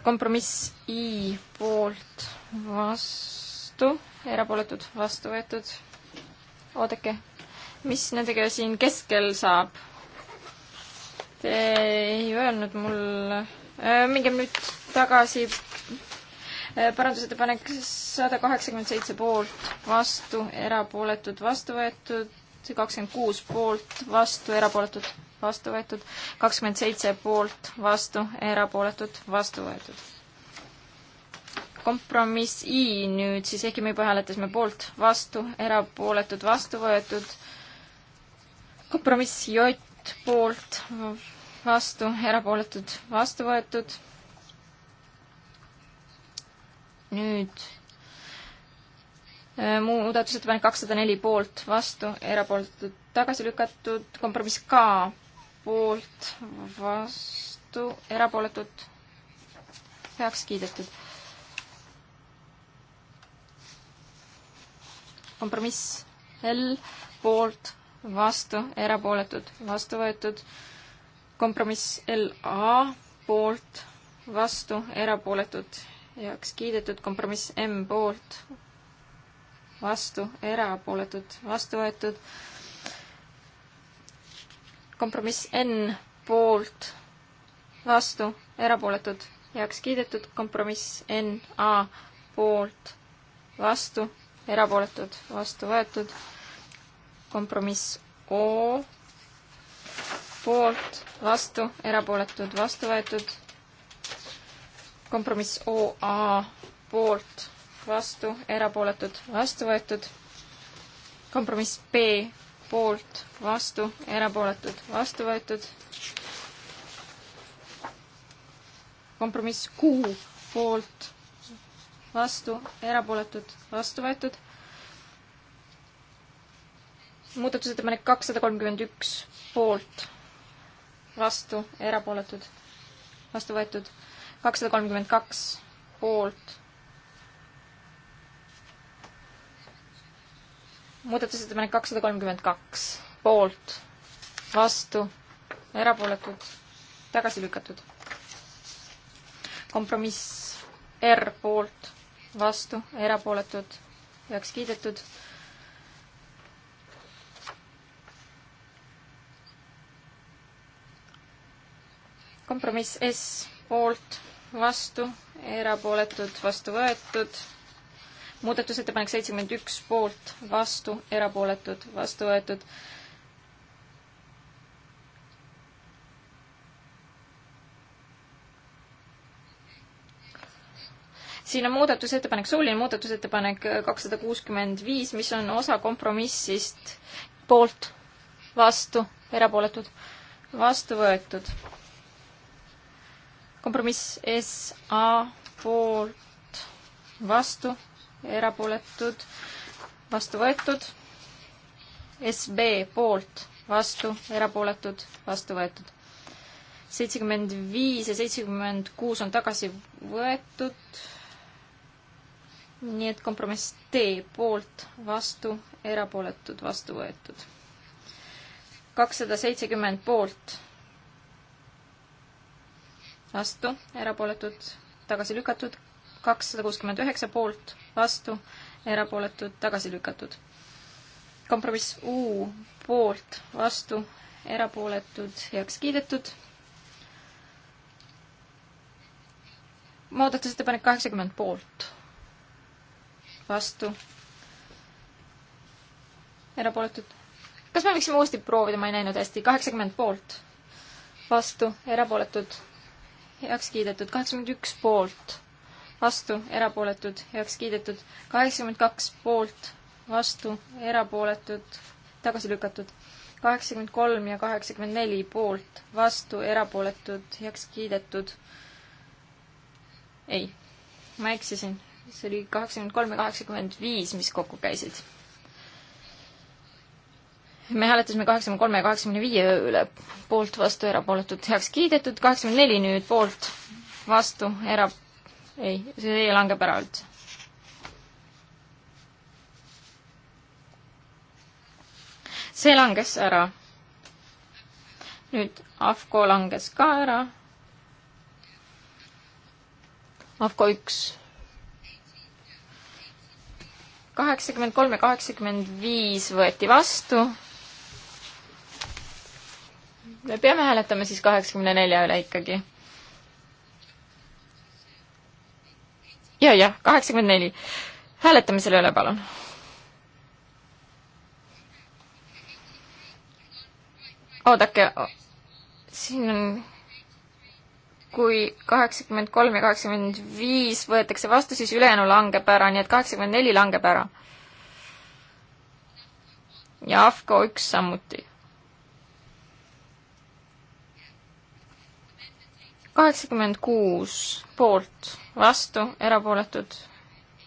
kompromiss I poolt, vastu, erapooletud, vastu võetud. oodake, mis nendega siin keskel saab? Te ei öelnud mulle. minge nüüd tagasi Äh, parandusettepanek sada kaheksakümmend seitse poolt, vastu, erapooletud, vastu võetud, kakskümmend kuus poolt, vastu, erapooletud, vastu võetud, kakskümmend seitse poolt, vastu, erapooletud, vastu võetud. kompromiss I nüüd siis, ehkki me juba hääletasime poolt, vastu, erapooletud, vastu võetud, kompromiss J poolt, vastu, erapooletud, vastu võetud nüüd äh, muudatusettepanek kakssada neli poolt, vastu, erapooletud, tagasi lükatud, kompromiss ka poolt, vastu, erapooletud, heaks kiidetud. kompromiss L poolt, vastu, erapooletud, vastu võetud. kompromiss LA poolt, vastu, erapooletud, heaks kiidetud, kompromiss M poolt, vastu, erapooletud, vastu võetud. kompromiss N poolt, vastu, erapooletud, heaks kiidetud, kompromiss N A poolt, vastu, erapooletud, vastu võetud. kompromiss O poolt, vastu, erapooletud, vastu võetud kompromiss OA poolt, vastu, erapooletud, vastu võetud. kompromiss B poolt, vastu, erapooletud, vastu võetud. kompromiss Q poolt, vastu, erapooletud, vastu võetud. muudatusettepanek kakssada kolmkümmend üks poolt, vastu, erapooletud, vastu võetud kakssada kolmkümmend kaks poolt. muudatusettepanek kakssada kolmkümmend kaks poolt, vastu, erapooletud, tagasi lükatud. kompromiss R poolt, vastu, erapooletud, heaks kiidetud kompromiss S poolt, vastu, erapooletud, vastu võetud. muudatusettepanek seitsekümmend üks poolt, vastu, erapooletud, vastu võetud. siin on muudatusettepanek, suuline muudatusettepanek kakssada kuuskümmend viis, mis on osa kompromissist poolt, vastu, erapooletud, vastu võetud kompromiss SA poolt, vastu, erapooletud, vastu võetud. SB poolt, vastu, erapooletud, vastu võetud. seitsekümmend viis ja seitsekümmend kuus on tagasi võetud nii et kompromiss D poolt, vastu, erapooletud, vastu võetud. kakssada seitsekümmend poolt, vastu, erapooletud, tagasi lükatud, kakssada kuuskümmend üheksa poolt, vastu, erapooletud, tagasi lükatud. kompromiss U poolt, vastu, erapooletud, heaks kiidetud. muudatusettepanek kaheksakümmend poolt, vastu, erapooletud. kas me võiksime uuesti proovida, ma ei näinud hästi, kaheksakümmend poolt, vastu, erapooletud heaks kiidetud, kaheksakümmend üks poolt, vastu, erapooletud, heaks kiidetud, kaheksakümmend kaks poolt, vastu, erapooletud, tagasi lükatud, kaheksakümmend kolm ja kaheksakümmend neli poolt, vastu, erapooletud, heaks kiidetud. ei, ma eksisin, see oli kaheksakümmend kolm ja kaheksakümmend viis, mis kokku käisid me hääletasime kaheksakümne kolme ja kaheksakümne viie üle, poolt, vastu, erapooletud, heaks kiidetud, kaheksakümmend neli nüüd poolt, vastu, era-, ei, see langeb ära üldse. see langes ära. nüüd AFCO langes ka ära. AFCO üks. kaheksakümmend kolm ja kaheksakümmend viis võeti vastu me peame hääletama siis kaheksakümne nelja üle ikkagi. ja, jah, kaheksakümmend neli. hääletame selle üle, palun. oodake, siin on kui kaheksakümmend kolm ja kaheksakümmend viis võetakse vastu, siis ülejäänu langeb ära, nii et kaheksakümmend neli langeb ära. ja AFCO üks samuti kaheksakümmend kuus poolt, vastu, erapooletud,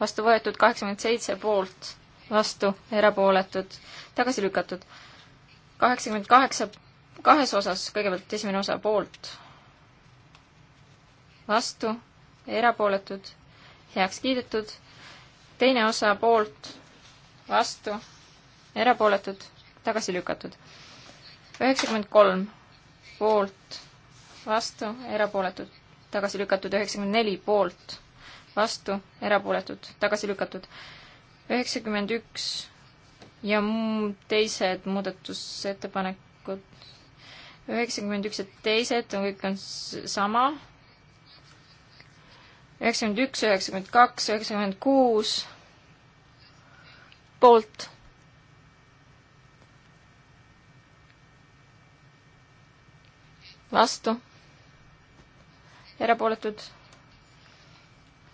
vastu võetud, kaheksakümmend seitse poolt, vastu, erapooletud, tagasi lükatud. kaheksakümmend kaheksa kahes osas, kõigepealt esimene osa poolt, vastu, erapooletud, heaks kiidetud, teine osa poolt, vastu, erapooletud, tagasi lükatud. üheksakümmend kolm poolt vastu, erapooletud, tagasi lükatud, üheksakümmend neli poolt, vastu, erapooletud, tagasi lükatud, üheksakümmend üks ja teised muudatusettepanekud, üheksakümmend üks ja teised on, kõik on sama, üheksakümmend üks, üheksakümmend kaks, üheksakümmend kuus, poolt vastu, erapooletud,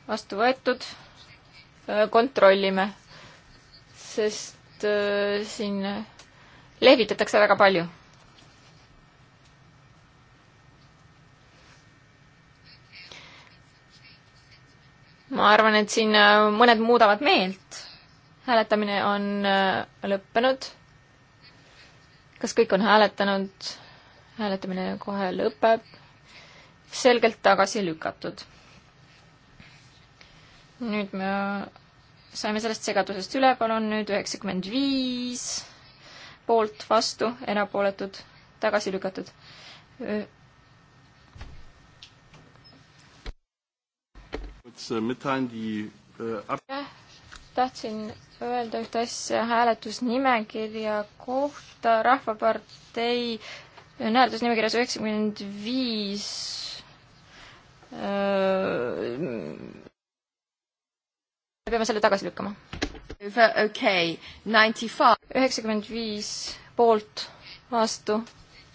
vastu võetud, kontrollime, sest siin lehvitatakse väga palju. ma arvan, et siin mõned muudavad meelt. hääletamine on lõppenud. kas kõik on hääletanud? hääletamine kohe lõpeb selgelt tagasi lükatud. nüüd me saime sellest segadusest üle, palun nüüd üheksakümmend viis poolt, vastu, erapooletud, tagasi lükatud. Äh, äh, tahtsin öelda ühte asja hääletusnimekirja kohta, Rahvapartei hääletusnimekirjas üheksakümmend viis Äh, me peame selle tagasi lükkama. okei, üheksakümmend viis poolt, vastu,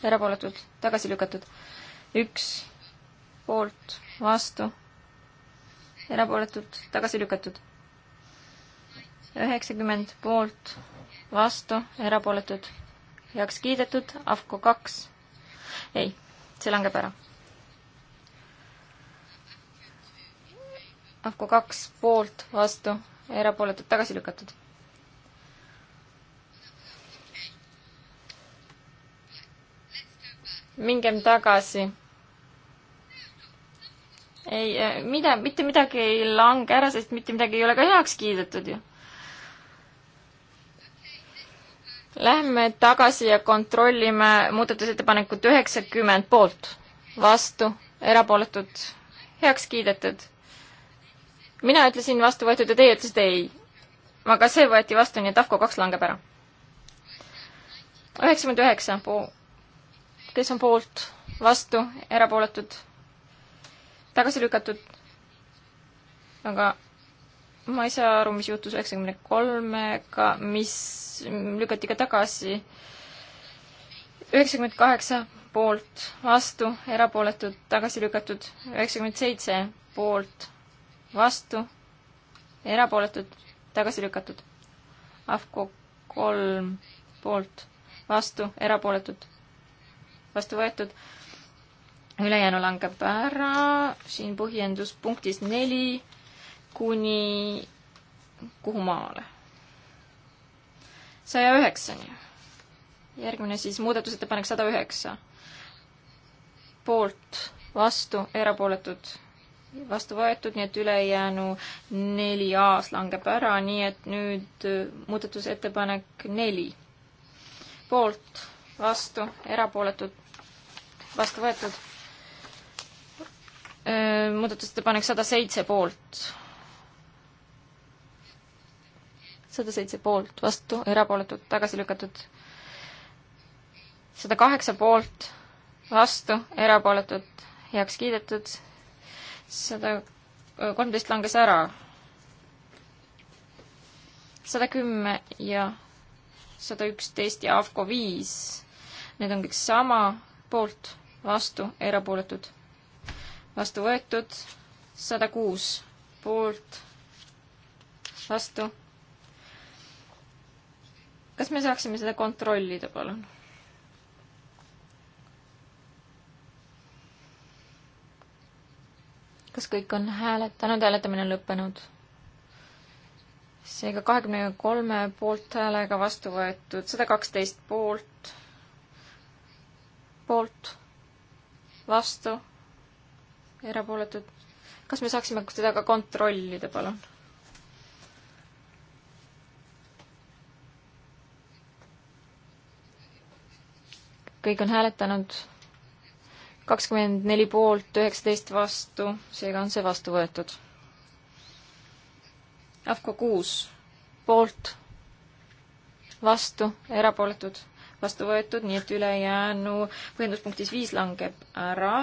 erapooletult, tagasi lükatud. üks poolt, vastu, erapooletult, tagasi lükatud. üheksakümmend poolt, vastu, erapooletud, heaks kiidetud, AFCO kaks. ei, see langeb ära Ahko kaks poolt, vastu, erapooletud, tagasi lükatud. mingem tagasi. ei, eh, mida, mitte midagi ei lange ära, sest mitte midagi ei ole ka heaks kiidetud ju Lähme tagasi ja kontrollime muudatusettepanekut üheksakümmend poolt, vastu, erapooletud, heaks kiidetud mina ütlesin vastu võetud ja teie ütlesite ei. aga see võeti vastu, nii et AFCO kaks langeb ära. üheksakümmend üheksa po-, kes on poolt, vastu, erapooletud, tagasi lükatud. aga ma ei saa aru, mis juhtus üheksakümne kolmega, mis lükati ka tagasi. üheksakümmend kaheksa poolt, vastu, erapooletud, tagasi lükatud, üheksakümmend seitse poolt vastu, erapooletud, tagasi lükatud. AFCO kolm poolt, vastu, erapooletud, vastu võetud. ülejäänu langeb ära, siin põhjendus punktis neli kuni kuhu maale? saja üheksani. järgmine siis muudatusettepanek sada üheksa. poolt, vastu, erapooletud, vastu võetud, nii et ülejäänu neli A-s langeb ära, nii et nüüd äh, muudatusettepanek neli. poolt, vastu, erapooletud, vastu võetud. Äh, muudatusettepanek sada seitse poolt. sada seitse poolt, vastu, erapooletud, tagasi lükatud. sada kaheksa poolt, vastu, erapooletud, heaks kiidetud sada kolmteist langes ära. sada kümme ja sada üksteist ja AFCO viis. Need on kõik sama, poolt, vastu, erapooletud. vastu võetud, sada kuus, poolt, vastu. kas me saaksime seda kontrollida, palun? kas kõik on hääletanud, hääletamine on lõppenud? seega kahekümne kolme poolthäälega vastu võetud, sada kaksteist poolt, poolt, vastu, erapooletud. kas me saaksime seda ka kontrollida, palun? kõik on hääletanud kakskümmend neli poolt, üheksateist vastu, seega on see vastu võetud. Afko kuus poolt, vastu, erapooletud, vastu võetud, nii et ülejäänu põhjenduspunktis viis langeb ära.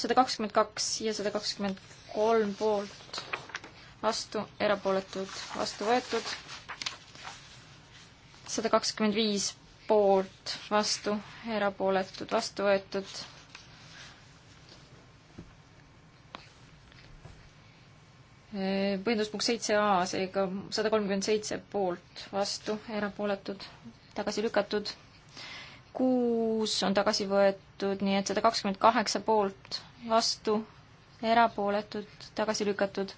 sada kakskümmend kaks ja sada kakskümmend kolm poolt, vastu, erapooletud, vastu võetud. sada kakskümmend viis poolt, vastu, erapooletud, vastu võetud. põhjenduspunkt seitse A, seega sada kolmkümmend seitse poolt, vastu, erapooletud, tagasi lükatud. kuus on tagasi võetud, nii et sada kakskümmend kaheksa poolt, vastu, erapooletud, tagasi lükatud.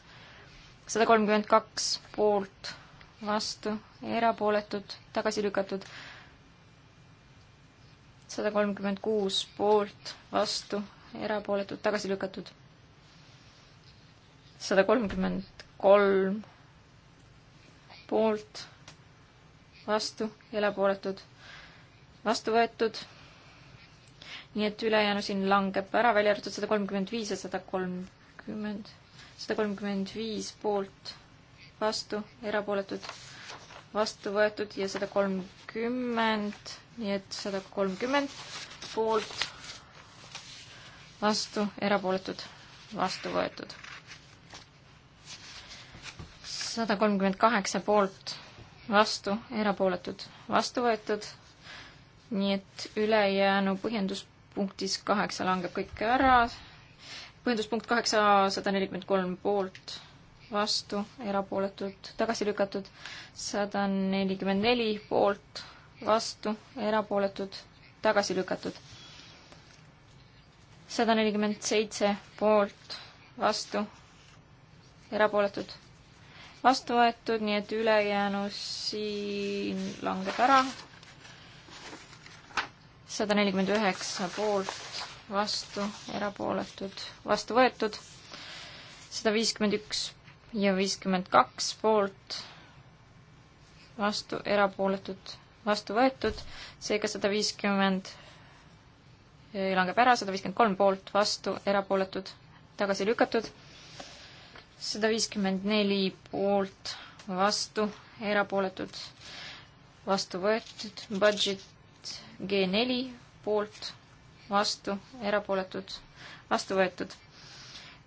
sada kolmkümmend kaks poolt, vastu, erapooletud, tagasi lükatud sada kolmkümmend kuus poolt, vastu, erapooletud, tagasi lükatud. sada kolmkümmend kolm poolt, vastu, erapooletud, vastu võetud. nii et ülejäänu siin langeb ära, välja arvatud sada kolmkümmend viis ja sada kolmkümmend, sada kolmkümmend viis poolt, vastu, erapooletud vastu võetud ja sada kolmkümmend, nii et sada kolmkümmend poolt, vastu, erapooletud, vastu võetud. sada kolmkümmend kaheksa poolt, vastu, erapooletud, vastu võetud, nii et ülejäänu põhjenduspunktis kaheksa langeb kõik ära, põhjenduspunkt kaheksa, sada nelikümmend kolm poolt vastu, erapooletud, tagasi lükatud, sada nelikümmend neli poolt, vastu, erapooletud, tagasi lükatud. sada nelikümmend seitse poolt, vastu, erapooletud, vastu võetud, nii et ülejäänu siin langeb ära. sada nelikümmend üheksa poolt, vastu, erapooletud, vastu võetud, sada viiskümmend üks ja viiskümmend kaks poolt, vastu, erapooletud, vastu võetud, seega sada viiskümmend langeb ära, sada viiskümmend kolm poolt, vastu, erapooletud, tagasi lükatud, sada viiskümmend neli poolt, vastu, erapooletud, vastu võetud, budget G neli poolt, vastu, erapooletud, vastu võetud,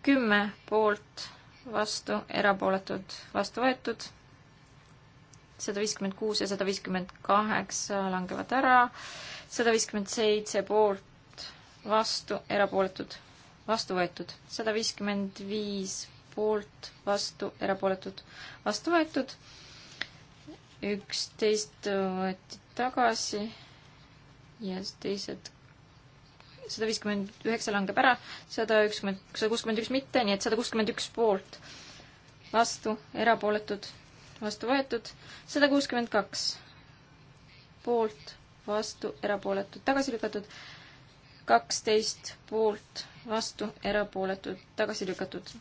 kümme poolt vastu, erapooletud, vastu võetud. sada viiskümmend kuus ja sada viiskümmend kaheksa langevad ära. sada viiskümmend seitse poolt, vastu, erapooletud, vastu võetud. sada viiskümmend viis poolt, vastu, erapooletud, vastu võetud. üksteist võeti tagasi ja teised sada viiskümmend üheksa langeb ära, sada ükskümmend, sada kuuskümmend üks mitte, nii et sada kuuskümmend üks poolt, vastu, erapooletud, vastu võetud, sada kuuskümmend kaks poolt, vastu, erapooletud, tagasi lükatud, kaksteist poolt, vastu, erapooletud, tagasi lükatud,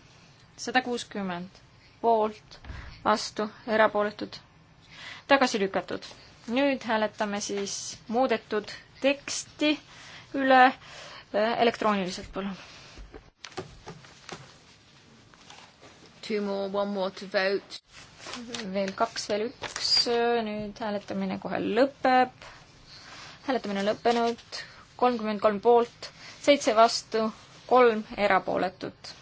sada kuuskümmend poolt, vastu, erapooletud, tagasi lükatud. nüüd hääletame siis muudetud teksti üle eh, elektrooniliselt, palun. Two more, one more to vote. veel kaks, veel üks, eh, nüüd hääletamine kohe lõpeb. hääletamine lõppenud, kolmkümmend kolm poolt, seitse vastu, kolm erapooletut.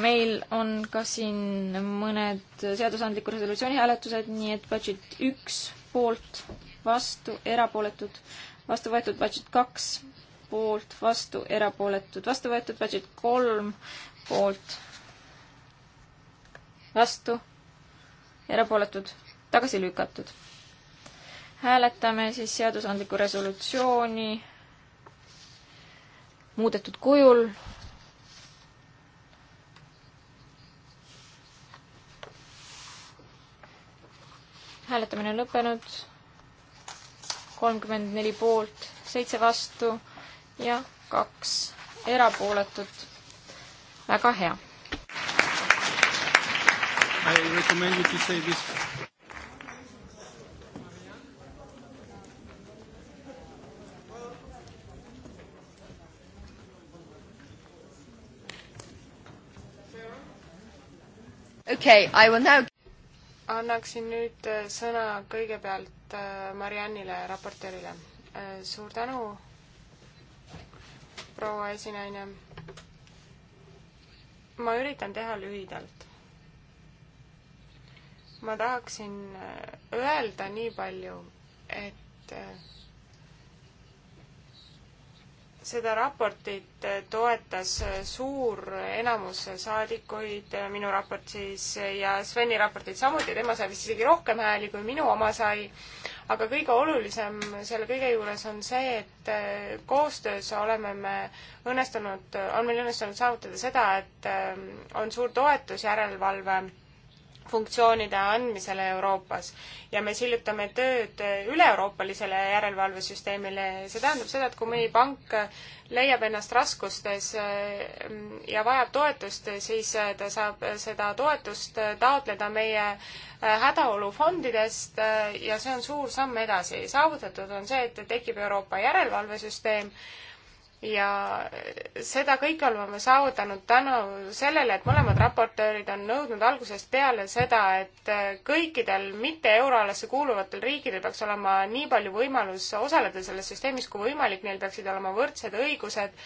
meil on ka siin mõned seadusandliku resolutsiooni hääletused, nii et budget üks poolt, vastu, erapooletud, vastu võetud budget kaks, poolt, vastu, erapooletud, vastu võetud budget kolm, poolt, vastu, erapooletud, tagasi lükatud. hääletame siis seadusandliku resolutsiooni muudetud kujul. hääletamine on lõppenud kolmkümmend neli poolt, seitse vastu ja kaks erapooletut. väga hea. I recommend you to say this okay, I will now annaksin nüüd äh, sõna kõigepealt äh, Mariannile, raportöörile. Äh, suur tänu, proua esinaine. ma üritan teha lühidalt. ma tahaksin öelda nii palju, et seda raportit toetas suur enamus saadikuid, minu raport siis ja Sveni raportit samuti, tema sai vist isegi rohkem hääli, kui minu oma sai. aga kõige olulisem selle kõige juures on see, et äh, koostöös oleme me õnnestunud, on meil õnnestunud saavutada seda, et äh, on suur toetus järelevalve funktsioonide andmisele Euroopas ja me sillutame tööd üle-euroopalisele järelevalvesüsteemile. see tähendab seda, et kui mõni pank leiab ennast raskustes ähm, ja vajab toetust, siis äh, ta saab seda toetust äh, taotleda meie äh, hädaolufondidest ja see on suur samm edasi. saavutatud on see, et tekib Euroopa järelevalvesüsteem ja seda kõike oleme saavutanud tänu sellele, et mõlemad raportöörid on nõudnud algusest peale seda, et kõikidel mitte euroalasse kuuluvatel riikidel peaks olema nii palju võimalus osaleda selles süsteemis kui võimalik, neil peaksid olema võrdsed õigused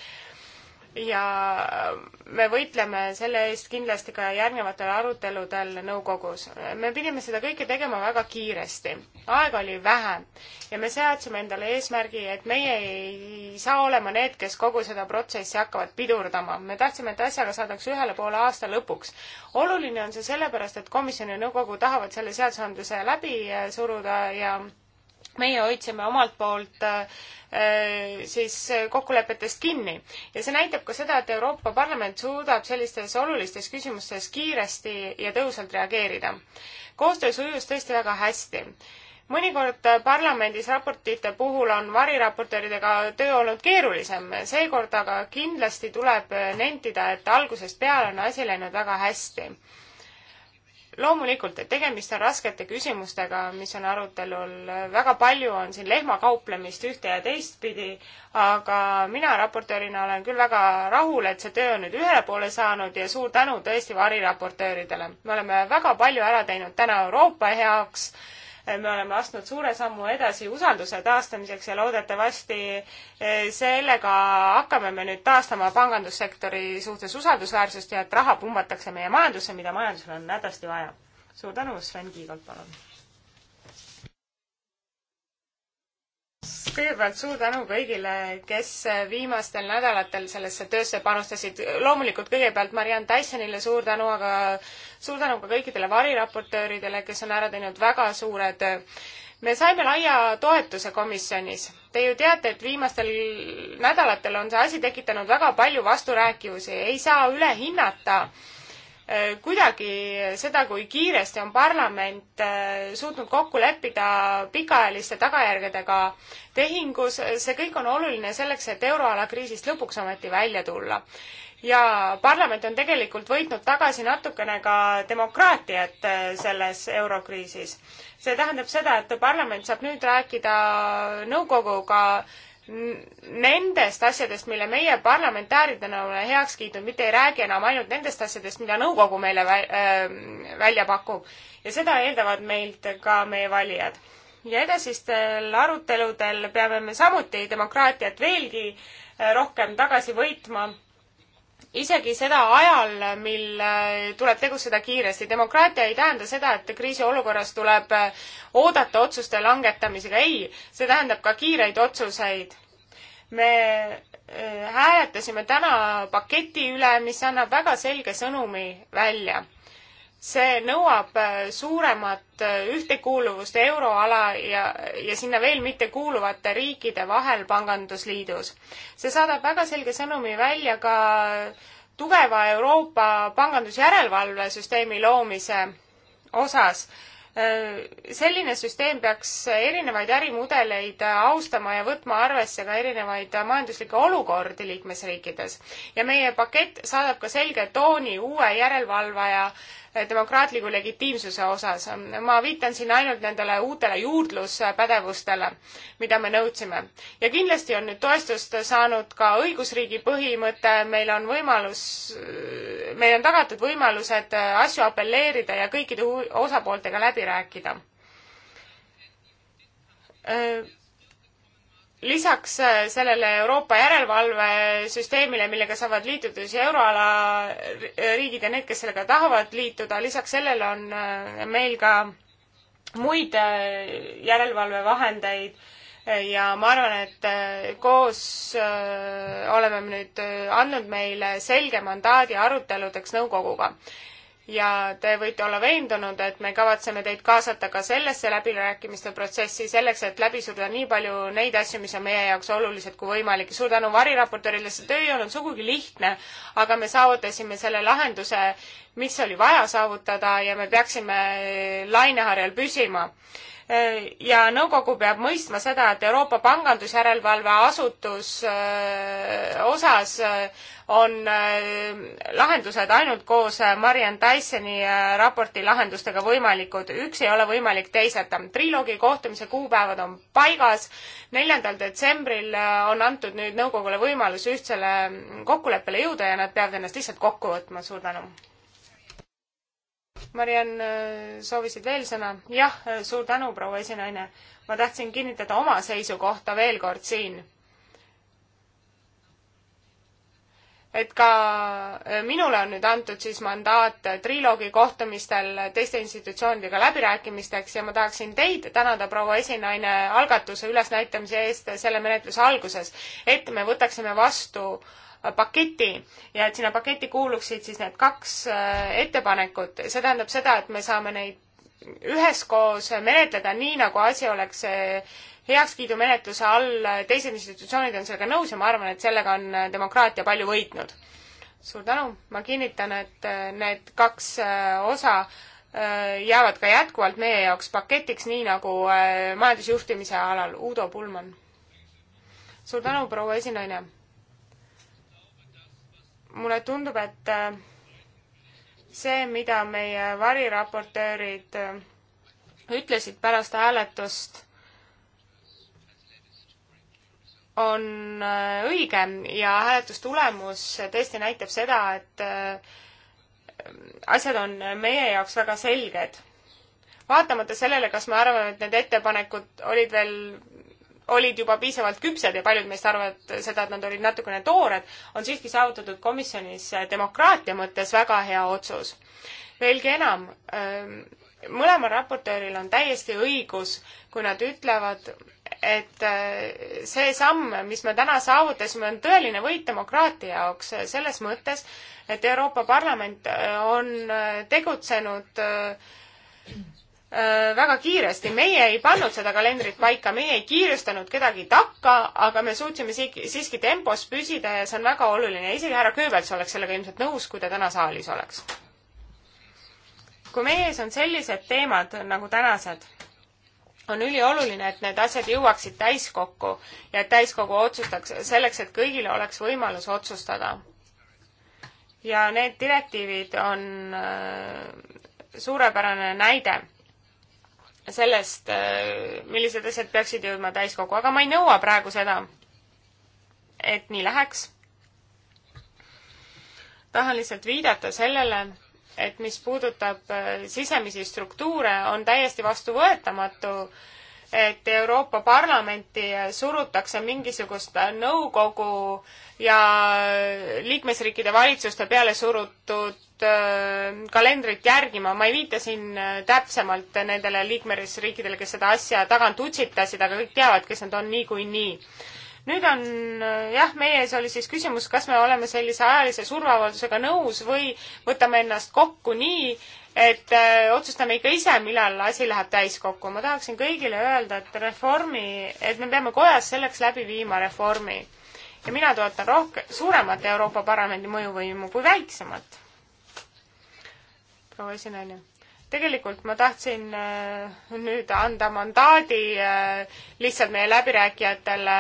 ja me võitleme selle eest kindlasti ka järgnevatel aruteludel nõukogus. me pidime seda kõike tegema väga kiiresti, aega oli vähe ja me seadsime endale eesmärgi, et meie ei saa olema need, kes kogu seda protsessi hakkavad pidurdama. me tahtsime, et asjaga saadaks ühele poole aasta lõpuks. oluline on see sellepärast, et komisjon ja nõukogu tahavad selle seadusandluse läbi suruda ja meie hoidsime omalt poolt äh, siis kokkulepetest kinni. ja see näitab ka seda, et Euroopa Parlament suudab sellistes olulistes küsimustes kiiresti ja tõhusalt reageerida. koostöö sujus tõesti väga hästi mõnikord parlamendis raportite puhul on variraportööridega töö olnud keerulisem, seekord aga kindlasti tuleb nentida, et algusest peale on asi läinud väga hästi loomulikult, et tegemist on raskete küsimustega, mis on arutelul, väga palju on siin lehmakauplemist ühte ja teistpidi, aga mina raportöörina olen küll väga rahul, et see töö on nüüd ühele poole saanud ja suur tänu tõesti variraportööridele. me oleme väga palju ära teinud täna Euroopa heaks me oleme astnud suure sammu edasi usalduse taastamiseks ja loodetavasti eh, sellega hakkame me nüüd taastama pangandussektori suhtes usaldusväärsust ja et raha pumbatakse meie majandusse, mida majandusel on hädasti vaja. suur tänu, Sven Kiigalt, palun! kõigepealt suur tänu kõigile, kes viimastel nädalatel sellesse töösse panustasid. loomulikult kõigepealt Marianne Tysonile suur tänu, aga suur tänu ka kõikidele variraportööridele, kes on ära teinud väga suure töö. me saime laia toetuse komisjonis. Te ju teate, et viimastel nädalatel on see asi tekitanud väga palju vasturääkivusi, ei saa üle hinnata äh, Äh, kuidagi seda, kui kiiresti on parlament äh, suutnud kokku leppida pikaajaliste tagajärgedega tehingus, see kõik on oluline selleks, et euroala kriisist lõpuks ometi välja tulla. ja parlament on tegelikult võitnud tagasi natukene ka demokraatiat äh, selles eurokriisis. see tähendab seda, et parlament saab nüüd rääkida nõukoguga äh, nendest asjadest, mille meie parlamentääridena oleme heaks kiitnud, mitte ei räägi enam ainult nendest asjadest, mida nõukogu meile äh, välja pakub. ja seda eeldavad meilt ka meie valijad. ja edasistel aruteludel peame me samuti demokraatiat veelgi äh, rohkem tagasi võitma isegi seda ajal, mil äh, tuleb tegutseda kiiresti. demokraatia ei tähenda seda, et kriisiolukorras tuleb äh, oodata otsuste langetamisega, ei, see tähendab ka kiireid otsuseid. me äh, hääletasime täna paketi üle, mis annab väga selge sõnumi välja see nõuab äh, suuremat äh, ühtekuuluvust euroala ja, ja sinna veel mitte kuuluvate riikide vahel pangandusliidus. see saadab väga selge sõnumi välja ka tugeva Euroopa pangandusjärelevalvesüsteemi loomise osas. Äh, selline süsteem peaks erinevaid ärimudeleid austama ja võtma arvesse ka erinevaid majanduslikke olukordi liikmesriikides. ja meie pakett saadab ka selge tooni uue järelevalvaja Äh, demokraatliku legitiimsuse osas. ma viitan siin ainult nendele uutele juurdluspädevustele, mida me nõudsime. ja kindlasti on nüüd toestust saanud ka õigusriigi põhimõte, meil on võimalus, äh, meil on tagatud võimalused äh, asju apelleerida ja kõikide osapooltega läbi rääkida lisaks äh, sellele Euroopa järelevalvesüsteemile, millega saavad liituda siis euroala äh, riigid ja need, kes sellega tahavad liituda, lisaks sellele on äh, meil ka muid järelevalvevahendeid ja ma arvan, et koos oleme nüüd andnud meile selge mandaadi aruteludeks nõukoguga ja te võite olla veendunud, et me kavatseme teid kaasata ka sellesse läbirääkimiste protsessi, selleks et läbi suruda nii palju neid asju, mis on meie jaoks olulised kui võimalik. suur tänu variraportöörile, see töö ei olnud sugugi lihtne, aga me saavutasime selle lahenduse, mis oli vaja saavutada ja me peaksime laineharjal püsima ja nõukogu peab mõistma seda, et Euroopa pangandusjärelevalve asutus äh, osas äh, on äh, lahendused ainult koos Marianne Tysoni raporti lahendustega võimalikud, üks ei ole võimalik teiseta. triloogi kohtumise kuupäevad on paigas, neljandal detsembril on antud nüüd nõukogule võimalus ühtsele mm, kokkuleppele jõuda ja nad peavad ennast lihtsalt kokku võtma. suur tänu! Mariann, äh, soovisid veel sõna? jah, äh, suur tänu, proua esinaine. ma tahtsin kinnitada oma seisukohta veel kord siin. et ka äh, minule on nüüd antud siis mandaat triloogi kohtumistel teiste institutsioonidega läbirääkimisteks ja ma tahaksin teid tänada, proua esinaine, algatuse ülesnäitamise eest selle menetluse alguses, et me võtaksime vastu äh, paketi ja et sinna paketti kuuluksid siis need kaks äh, ettepanekut. see tähendab seda, et me saame neid üheskoos menetleda nii, nagu asi oleks äh, heakskiidumenetluse all, teised institutsioonid on sellega nõus ja ma arvan, et sellega on äh, demokraatia palju võitnud. suur tänu, ma kinnitan, et need kaks osa jäävad ka jätkuvalt meie jaoks paketiks, nii nagu majandusjuhtimise alal Udo Pulman. suur tänu, proua esinaine mulle tundub, et äh, see, mida meie variraportöörid äh, ütlesid pärast hääletust, on äh, õige ja hääletustulemus tõesti näitab seda, et asjad on meie jaoks väga selged. vaatamata sellele, kas me arvame, et need ettepanekud olid veel olid juba piisavalt küpsed ja paljud meist arvavad seda, et nad olid natukene toored, on siiski saavutatud komisjonis demokraatia mõttes väga hea otsus. veelgi enam, ähm, mõlemal raportööril on täiesti õigus, kui nad ütlevad, et äh, see samm, mis me täna saavutasime, on tõeline võit demokraatia jaoks selles mõttes, et Euroopa Parlament äh, on äh, tegutsenud Äh, väga kiiresti, meie ei pannud seda kalendrit paika, meie ei kiirustanud kedagi takka, aga me suutsime siiski tempos püsida ja see on väga oluline. isegi härra Kööbels oleks sellega ilmselt nõus, kui ta täna saalis oleks. kui meie ees on sellised teemad nagu tänased, on ülioluline, et need asjad jõuaksid täiskokku ja et täiskogu otsustaks selleks, et kõigil oleks võimalus otsustada. ja need direktiivid on äh, suurepärane näide sellest, äh, millised asjad peaksid jõudma täiskogu, aga ma ei nõua praegu seda, et nii läheks. tahan lihtsalt viidata sellele, et mis puudutab äh, sisemisi struktuure, on täiesti vastuvõetamatu, et Euroopa Parlamenti surutakse mingisugust nõukogu ja liikmesriikide valitsuste peale surutud äh, kalendrit järgima, ma ei viita siin äh, täpsemalt nendele liikmesriikidele, kes seda asja tagant utsitasid, aga kõik teavad, kes nad on niikuinii. Nii. nüüd on äh, jah, meie ees oli siis küsimus, kas me oleme sellise ajalise surveavaldusega nõus või võtame ennast kokku nii, et öö, äh, otsustame ikka ise, millal asi läheb täiskokku. ma tahaksin kõigile öelda, et reformi, et me peame kojas selleks läbi viima reformi. ja mina toetan rohkem, suuremat Euroopa Parlamendi mõjuvõimu kui väiksemat. proua esinaine tegelikult ma tahtsin äh, nüüd anda mandaadi äh, lihtsalt meie läbirääkijatele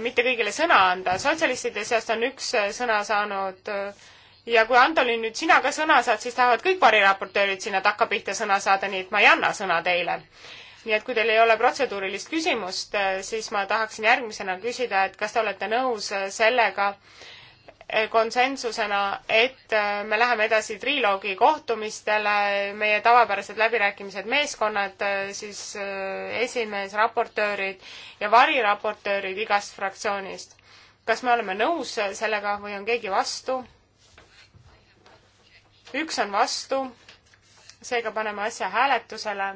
mitte kõigile sõna anda. sotsialistide seast on üks sõna saanud äh, ja kui Antolin nüüd sina ka sõna saad, siis tahavad kõik variraportöörid sinna takkapihta sõna saada, nii et ma ei anna sõna teile. nii et kui teil ei ole protseduurilist küsimust, eh, siis ma tahaksin järgmisena küsida, et kas te olete nõus eh, sellega eh, konsensusena, et me läheme edasi triloogi kohtumistele, meie tavapärased läbirääkimised, meeskonnad, siis esimees, raportöörid ja variraportöörid igast fraktsioonist. kas me oleme nõus sellega või on keegi vastu? üks on vastu, seega paneme asja hääletusele,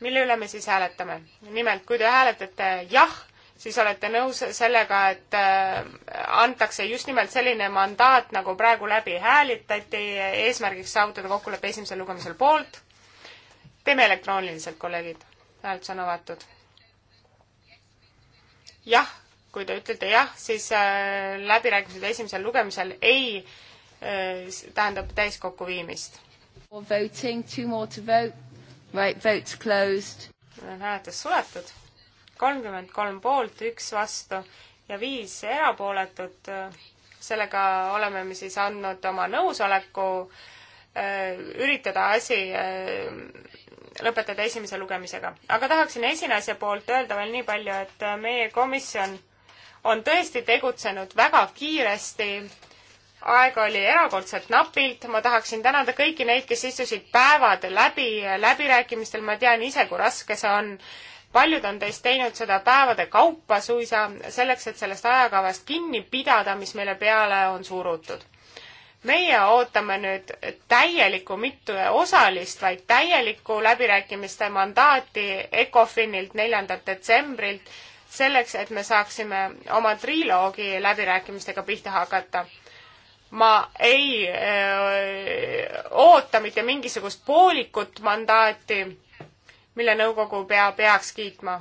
mille üle me siis hääletame. nimelt, kui te hääletate jah, siis olete nõus sellega, et äh, antakse just nimelt selline mandaat, nagu praegu läbi häälitati, eesmärgiks saavutada kokkulepe esimesel lugemisel poolt. teeme elektrooniliselt, kolleegid. hääletus on avatud. jah, kui te ütlete jah, siis äh, läbirääkimised esimesel lugemisel ei Eh, tähendab täiskokkuviimist. Voting, two more to vote. Right, votes closed. hääletus suletud. kolmkümmend kolm poolt, üks vastu ja viis erapooletut. sellega oleme me siis andnud oma nõusoleku eh, üritada asi eh, lõpetada esimese lugemisega. aga tahaksin esinaise poolt öelda veel nii palju, et meie komisjon on tõesti tegutsenud väga kiiresti aega oli erakordselt napilt, ma tahaksin tänada kõiki neid, kes istusid päevad läbi läbirääkimistel, ma tean ise, kui raske see on. paljud on teist teinud seda päevade kaupa suisa, selleks et sellest ajakavast kinni pidada, mis meile peale on surutud. meie ootame nüüd täielikku, mitte osalist, vaid täielikku läbirääkimiste mandaati ECOFINilt neljandalt detsembrilt selleks, et me saaksime oma triloogi läbirääkimistega pihta hakata ma ei öö, oota mitte mingisugust poolikut mandaati, mille nõukogu peab heaks kiitma.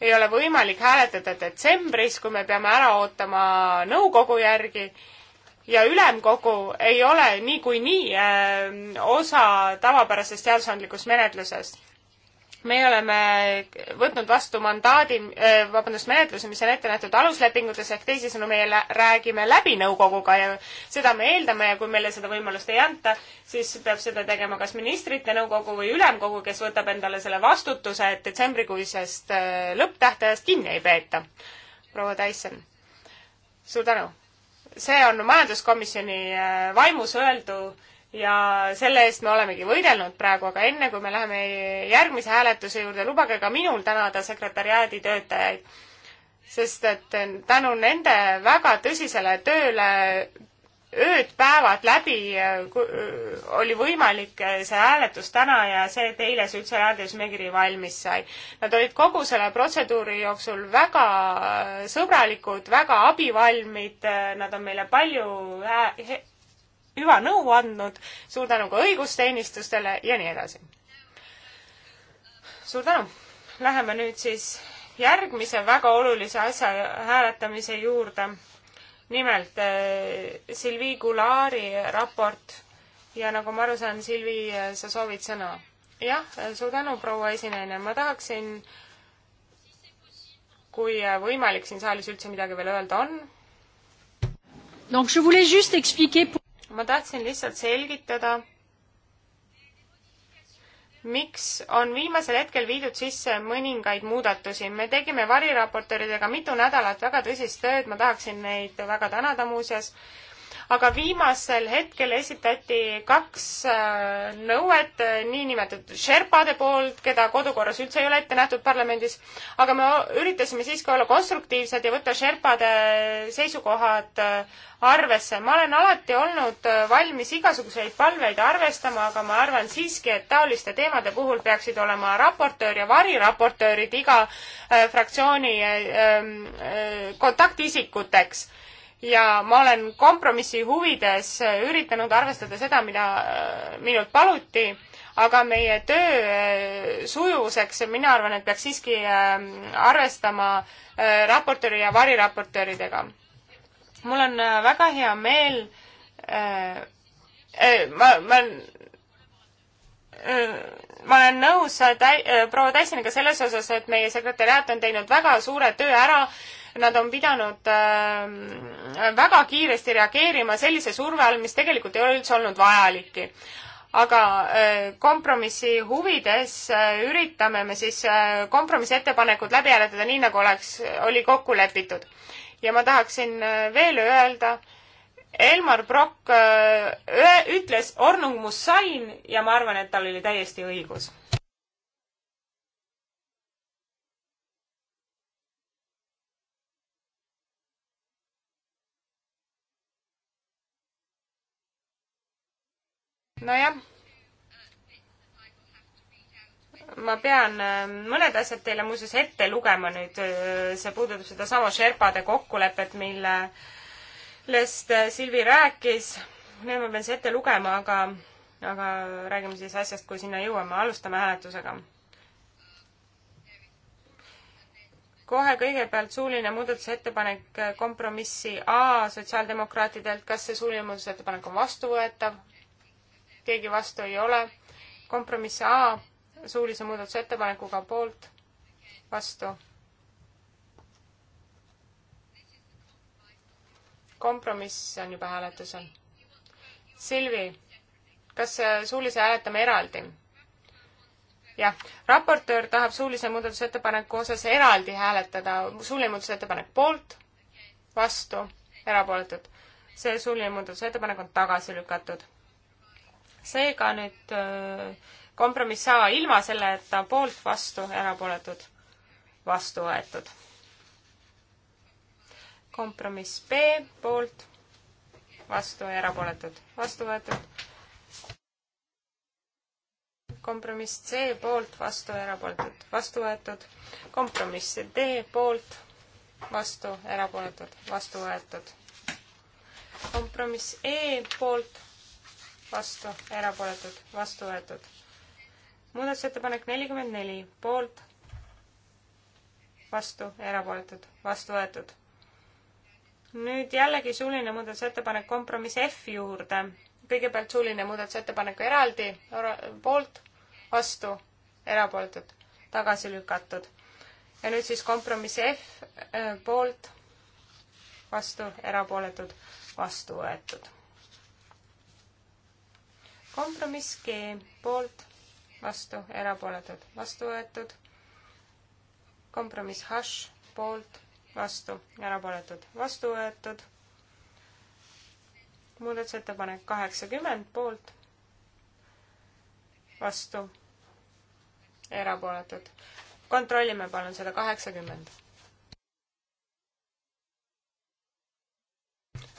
ei ole võimalik hääletada detsembris, kui me peame ära ootama nõukogu järgi ja ülemkogu ei ole niikuinii nii, öö, osa tavapärasest seadusandlikust menetlusest meie oleme võtnud vastu mandaadi, äh, vabandust, menetluse, mis on ette nähtud aluslepingutes, ehk teisisõnu, meie räägime läbi nõukoguga ja seda me eeldame ja kui meile seda võimalust ei anta, siis peab seda tegema kas ministrite nõukogu või ülemkogu, kes võtab endale selle vastutuse, et detsembrikuisest äh, lõpptähtajast kinni ei peeta. proua Tyson, suur tänu! see on majanduskomisjoni äh, vaimus öeldu ja selle eest me olemegi võidelnud praegu, aga enne kui me läheme järgmise hääletuse juurde, lubage ka minul tänada sekretäriaadi töötajaid. sest et tänu nende väga tõsisele tööle ööd-päevad läbi äh, äh, oli võimalik äh, see hääletus täna ja see, et eile see üldse hääldusmekiri valmis sai. Nad olid kogu selle protseduuri jooksul väga sõbralikud, väga abivalmid, nad on meile palju hää-, hüva nõu andnud, suur tänu ka õigusteenistustele ja nii edasi. suur tänu! Läheme nüüd siis järgmise väga olulise asja hääletamise juurde. nimelt äh, Silvi Gulaari raport ja nagu ma aru saan, Silvi, äh, sa soovid sõna? jah, äh, suur tänu, proua esineja, ma tahaksin, kui võimalik siin saalis üldse midagi veel öelda on. Donc je voulais juste expliquer pour ma tahtsin lihtsalt selgitada, miks on viimasel hetkel viidud sisse mõningaid muudatusi. me tegime variraportööridega mitu nädalat väga tõsist tööd, ma tahaksin neid väga tänada muuseas aga viimasel hetkel esitati kaks äh, nõuet äh, niinimetatud Sherpade poolt, keda kodukorras üldse ei ole ette nähtud parlamendis, aga me üritasime siiski olla konstruktiivsed ja võtta Sherpade seisukohad äh, arvesse. ma olen alati olnud valmis igasuguseid palveid arvestama, aga ma arvan siiski, et taoliste teemade puhul peaksid olema raportöör ja variraportöörid iga fraktsiooni ähm, kontaktisikuteks ja ma olen kompromissi huvides üritanud arvestada seda, mida äh, minult paluti, aga meie töö äh, sujuvuseks mina arvan, et peaks siiski äh, arvestama raportööri ja variraportööridega. mul on väga hea meel ma, ma ma olen nõus täi-, proua Tassiniga selles osas, et meie sekretäriaat on teinud väga suure töö ära äh, nad on pidanud ähm, väga kiiresti reageerima sellise surve all, mis tegelikult ei ole üldse olnud vajalikki aga äh, kompromissi huvides äh, üritame me siis äh, kompromissettepanekud läbi hääletada nii, nagu oleks, oli kokku lepitud. ja ma tahaksin veel öelda, Elmar Brokk ütles Ornung Mussain ja ma arvan, et tal oli täiesti õigus nojah. ma pean äh, mõned asjad teile muuseas ette lugema nüüd, äh, see puudutab sedasama Sherpade kokkulepet, mille, millest äh, Silvi rääkis. nüüd ma pean see ette lugema, aga, aga räägime siis asjast, kui sinna jõuame, alustame hääletusega kohe kõigepealt suuline muudatusettepanek kompromissi A sotsiaaldemokraatidelt, kas see suuline muudatusettepanek on vastuvõetav? keegi vastu ei ole. kompromiss A suulise muudatusettepanekuga poolt, vastu. kompromiss on juba hääletusel. Silvi, kas äh, suulise hääletame eraldi? jah, raportöör tahab suulise muudatusettepaneku osas eraldi hääletada, suuline muudatusettepanek poolt, vastu, erapooletud. see suuline muudatusettepanek on tagasi lükatud seega nüüd äh, kompromiss A ilma selle, et ta poolt, vastu, erapooletud, vastu võetud. kompromiss B poolt, vastu, erapooletud, vastu võetud. kompromiss C poolt, vastu, erapooletud, vastu võetud. kompromiss D poolt, vastu, erapooletud, vastu võetud. kompromiss E poolt vastu, erapooletud, vastu võetud. muudatusettepanek nelikümmend neli, poolt, vastu, erapooletud, vastu võetud. nüüd jällegi suuline muudatusettepanek kompromiss F juurde. kõigepealt suuline muudatusettepanek eraldi, poolt, vastu, erapooletud, tagasi lükatud. ja nüüd siis kompromiss F äh, poolt, vastu, erapooletud, vastu võetud kompromiss G poolt, vastu, erapooletud, vastu võetud. kompromiss H poolt, vastu, erapooletud, vastu võetud. muudatusettepanek kaheksakümmend poolt, vastu, erapooletud. kontrollime palun seda kaheksakümmend.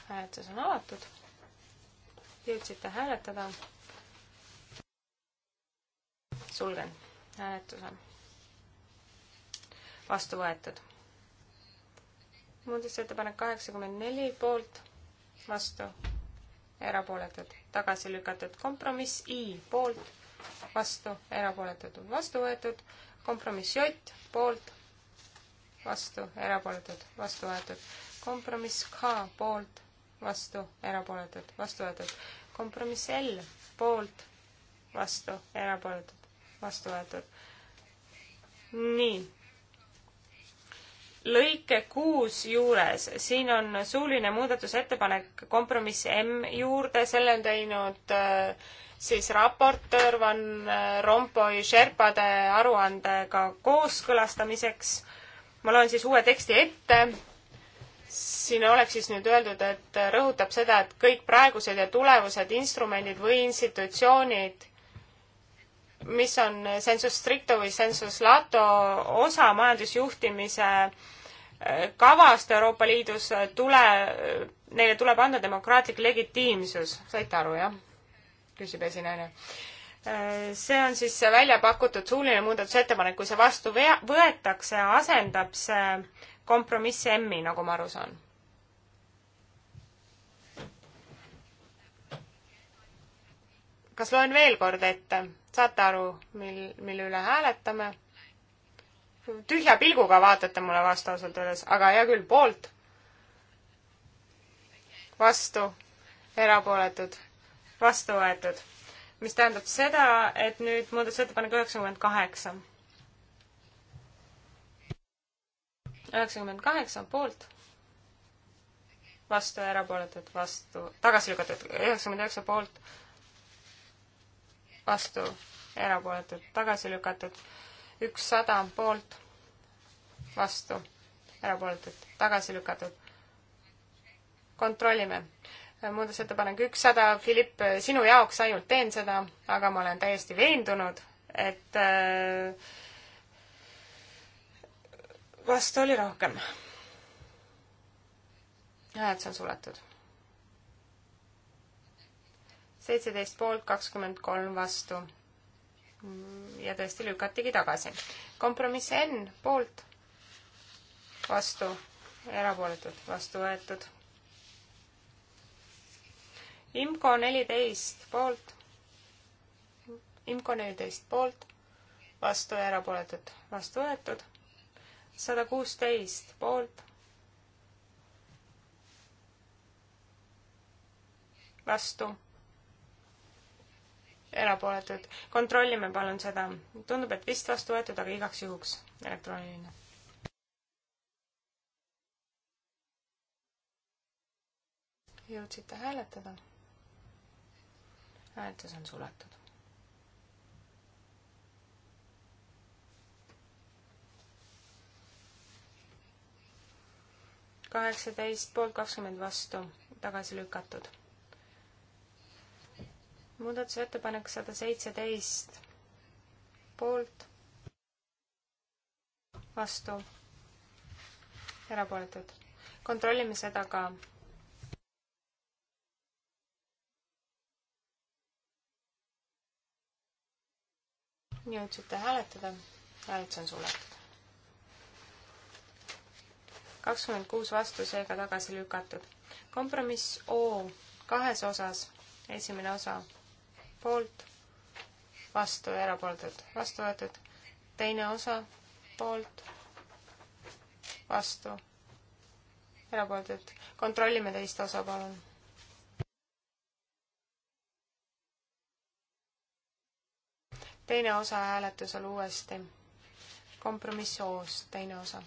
hääletus on avatud. jõudsite hääletada sulgen hääletuse. vastu võetud. muudatusettepanek kaheksakümmend neli poolt, vastu, erapooletud, tagasi lükatud. kompromiss I poolt, vastu, erapooletud, vastu võetud. kompromiss J poolt, vastu, erapooletud, vastu võetud. kompromiss K poolt, vastu, erapooletud, vastu võetud. kompromiss L poolt, vastu, erapooletud, vastu võetud. nii. lõike kuus juures, siin on suuline muudatusettepanek kompromiss M juurde, selle on teinud äh, siis raportöör Van äh, Rompuy Sherpade aruandega kooskõlastamiseks. ma loen siis uue teksti ette siin oleks siis nüüd öeldud, et rõhutab seda, et kõik praegused ja tulevased instrumendid või institutsioonid mis on sensus stricto või sensus lato osa majandusjuhtimise äh, kavast Euroopa Liidus, äh, tule, äh, neile tuleb anda demokraatlik legitiimsus. saite aru, jah? küsib esinaine. see on siis välja pakutud suuline muudatusettepanek, kui see vastu vea-, võetakse, asendab see kompromiss M-i, nagu ma aru saan kas loen veel kord ette? saate aru, mil, mille üle hääletame? tühja pilguga vaatate mulle vastu ausalt öeldes, aga hea küll, poolt. vastu, erapooletud, vastu võetud. mis tähendab seda, et nüüd muudatusettepanek üheksakümmend kaheksa. üheksakümmend kaheksa poolt, vastu, erapooletud, vastu, tagasi lükatud, üheksakümmend üheksa poolt vastu, erapooletud, tagasi lükatud, ükssada poolt, vastu, erapooletud, tagasi lükatud. kontrollime. muudatusettepanek ükssada, Philipp, sinu jaoks ainult teen seda, aga ma olen täiesti veendunud, et äh, vastu oli rohkem. näed, see on suletud seitseteist poolt, kakskümmend kolm vastu. ja tõesti lükatigi tagasi. kompromiss N poolt, vastu, erapooletud, vastu võetud. IMCO neliteist poolt, IMCO neliteist poolt, vastu ja erapooletud, vastu võetud. sada kuusteist poolt, vastu erapooletud. kontrollime palun seda. tundub, et vist vastu võetud, aga igaks juhuks elektrooniline. jõudsite hääletada? hääletus on suletud. kaheksateist poolt kakskümmend vastu tagasi lükatud muudatusettepanek sada seitseteist, poolt, vastu, erapooletud. kontrollime seda ka. jõudsite hääletada, hääletus on suletud kakskümmend kuus vastu, seega tagasi lükatud. kompromiss O kahes osas, esimene osa poolt, vastu, erapooletud, vastu võetud. teine osa, poolt, vastu, erapooletud. kontrollime teist osa, palun teine osa hääletusel uuesti. kompromiss O-s, teine osa.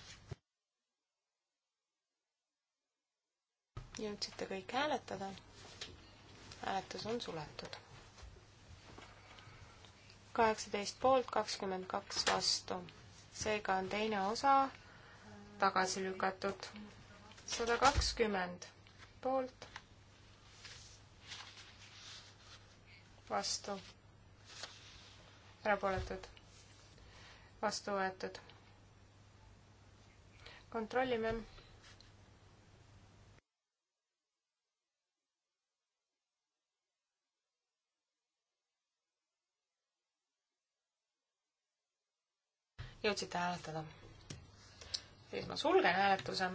jõudsite kõik hääletada. hääletus on suletud kaheksateist poolt, kakskümmend kaks vastu. seega on teine osa tagasi lükatud. sada kakskümmend poolt, vastu, erapooletud, vastu võetud. kontrollime jõudsite hääletada? siis ma sulgen hääletuse.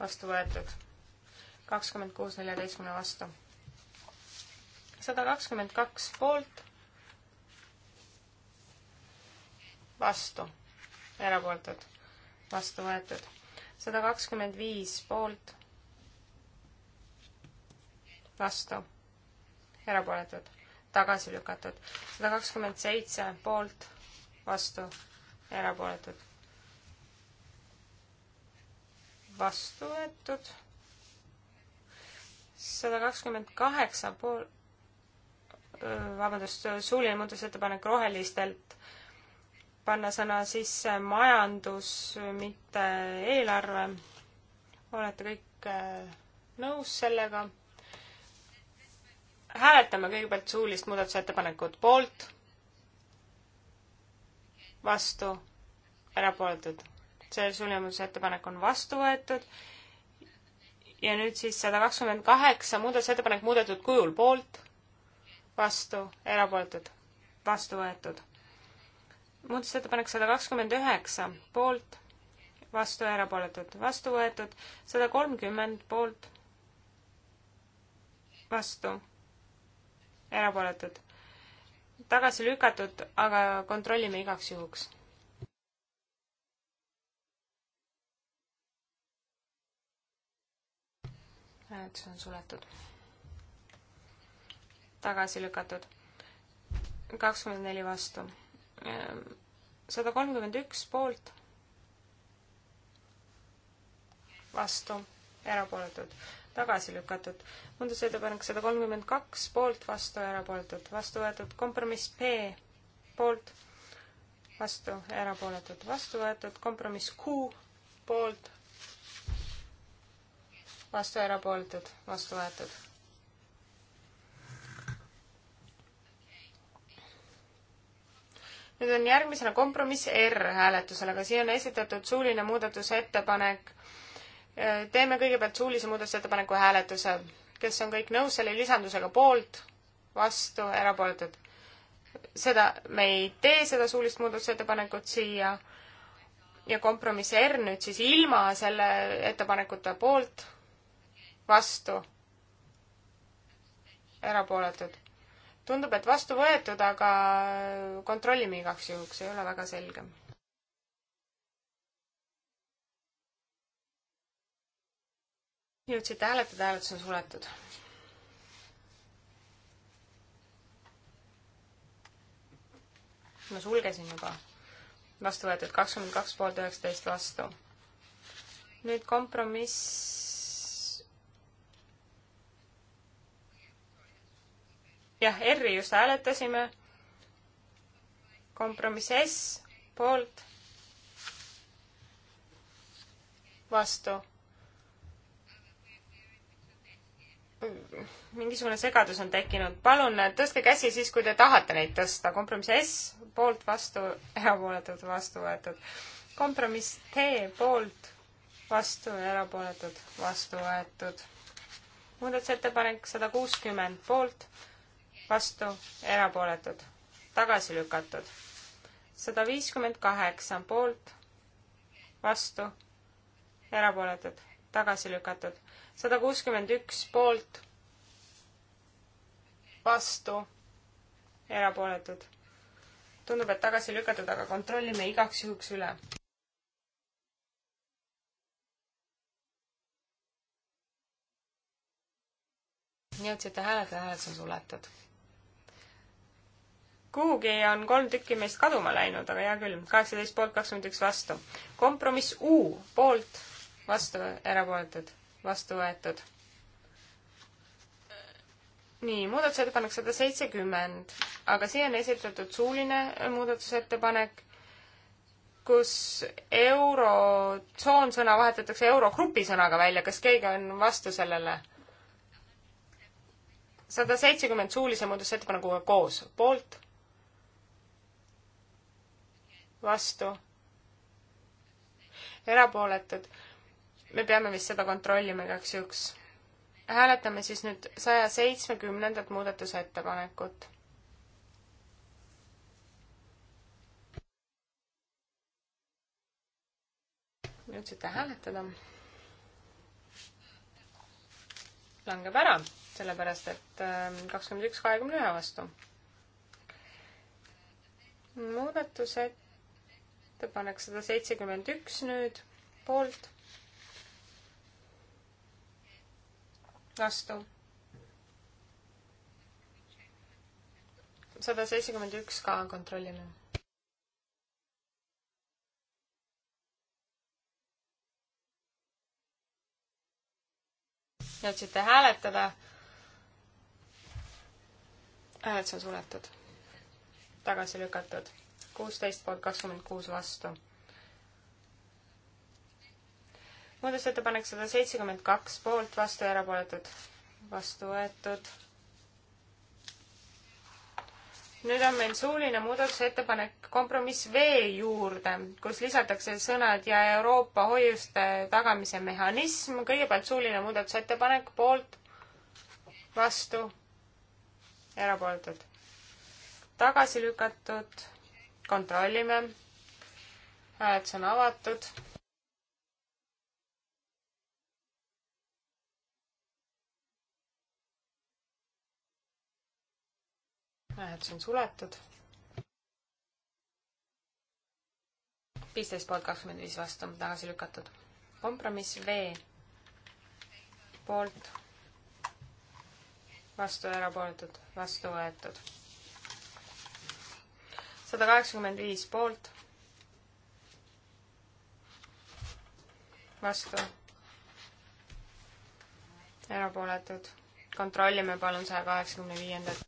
vastu võetud. kakskümmend kuus neljateistkümne vastu. sada kakskümmend kaks poolt. vastu. erapooletud. vastu võetud. sada kakskümmend viis poolt. vastu. erapooletud. tagasi lükatud. sada kakskümmend seitse poolt vastu, erapooletud, vastu võetud. sada kakskümmend kaheksa pool, vabandust, suuline muudatusettepanek rohelistelt panna sõna sisse majandus, mitte eelarve. olete kõik äh, nõus sellega? hääletame kõigepealt suulist muudatusettepanekut poolt, vastu, erapooletud. see suljemusettepanek on vastu võetud ja nüüd siis sada kakskümmend kaheksa muudatusettepanek muudetud kujul poolt, vastu, erapooletud, vastu võetud. muudatusettepanek sada kakskümmend üheksa poolt, vastu, erapooletud, vastu võetud, sada kolmkümmend poolt, vastu, erapooletud tagasi lükatud, aga kontrollime igaks juhuks. hääletus on suletud. tagasi lükatud. kakskümmend neli vastu. Ehm, sada kolmkümmend üks poolt. vastu, erapooletud tagasi lükatud. muudatusettepanek sada kolmkümmend kaks, poolt, vastu, erapooletud, vastu võetud, kompromiss B, poolt, vastu, erapooletud, vastu võetud, kompromiss Q, poolt, vastu, erapooletud, vastu võetud. nüüd on järgmisena kompromiss R hääletusele, aga siin on esitatud suuline muudatusettepanek teeme kõigepealt suulise muudatusettepaneku hääletuse. kes on kõik nõus selle lisandusega poolt, vastu, erapooletud? seda, me ei tee seda suulist muudatusettepanekut siia ja kompromiss R nüüd siis ilma selle ettepanekuta poolt, vastu, erapooletud. tundub, et vastu võetud, aga kontrollime igaks juhuks, ei ole väga selge jõudsite hääletada, hääletus on suletud. ma sulgesin juba. vastu võetud kakskümmend kaks poolt üheksateist vastu. nüüd kompromiss. jah, R-i just hääletasime. kompromiss S poolt. vastu mingisugune segadus on tekkinud. palun äh, tõstke käsi siis, kui te tahate neid tõsta. kompromiss S poolt vastu, erapooletud vastu võetud. kompromiss T poolt vastu, erapooletud vastu võetud. muudatusettepanek sada kuuskümmend poolt, vastu, erapooletud, tagasi lükatud. sada viiskümmend kaheksa poolt, vastu, erapooletud, tagasi lükatud sada kuuskümmend üks poolt, vastu, erapooletud. tundub, et tagasi lükatud, aga kontrollime igaks juhuks üle. jõudsite hääletada, hääletus on suletud. kuhugi on kolm tükki meist kaduma läinud, aga hea küll, kaheksateist poolt, kakskümmend üks vastu. kompromiss U poolt, vastu, erapooletud vastu võetud. nii, muudatusettepanek sada seitsekümmend, aga siia on esitatud suuline muudatusettepanek, kus eurotsoon sõna vahetatakse eurogrupi sõnaga välja, kas keegi on vastu sellele? sada seitsekümmend suulise muudatusettepanekuga koos, poolt, vastu erapooletud, me peame vist seda kontrollima igaks juhuks. hääletame siis nüüd saja seitsmekümnendat muudatusettepanekut. jõudsite hääletada? langeb ära, sellepärast et ähm, kakskümmend üks kahekümne ühe vastu. muudatusettepanek sada seitsekümmend üks nüüd, poolt vastu. sada seitsekümmend üks ka kontrollime. jõudsite hääletada. hääletus on suletud, tagasi lükatud, kuusteist poolt kakskümmend kuus vastu muudatusettepanek sada seitsekümmend kaks, poolt, vastu, erapooletud, vastu võetud. nüüd on meil suuline muudatusettepanek kompromiss V juurde, kus lisatakse sõnad ja Euroopa hoiuste tagamise mehhanism. kõigepealt suuline muudatusettepanek, poolt, vastu, erapooletud, tagasi lükatud, kontrollime hääletus on avatud hääletus on suletud. viisteist poolt kakskümmend viis vastu, tagasi lükatud. kompromiss V poolt, vastu ja erapooletud, vastu võetud. sada kaheksakümmend viis poolt, vastu, erapooletud. kontrollime palun saja kaheksakümne viiendat.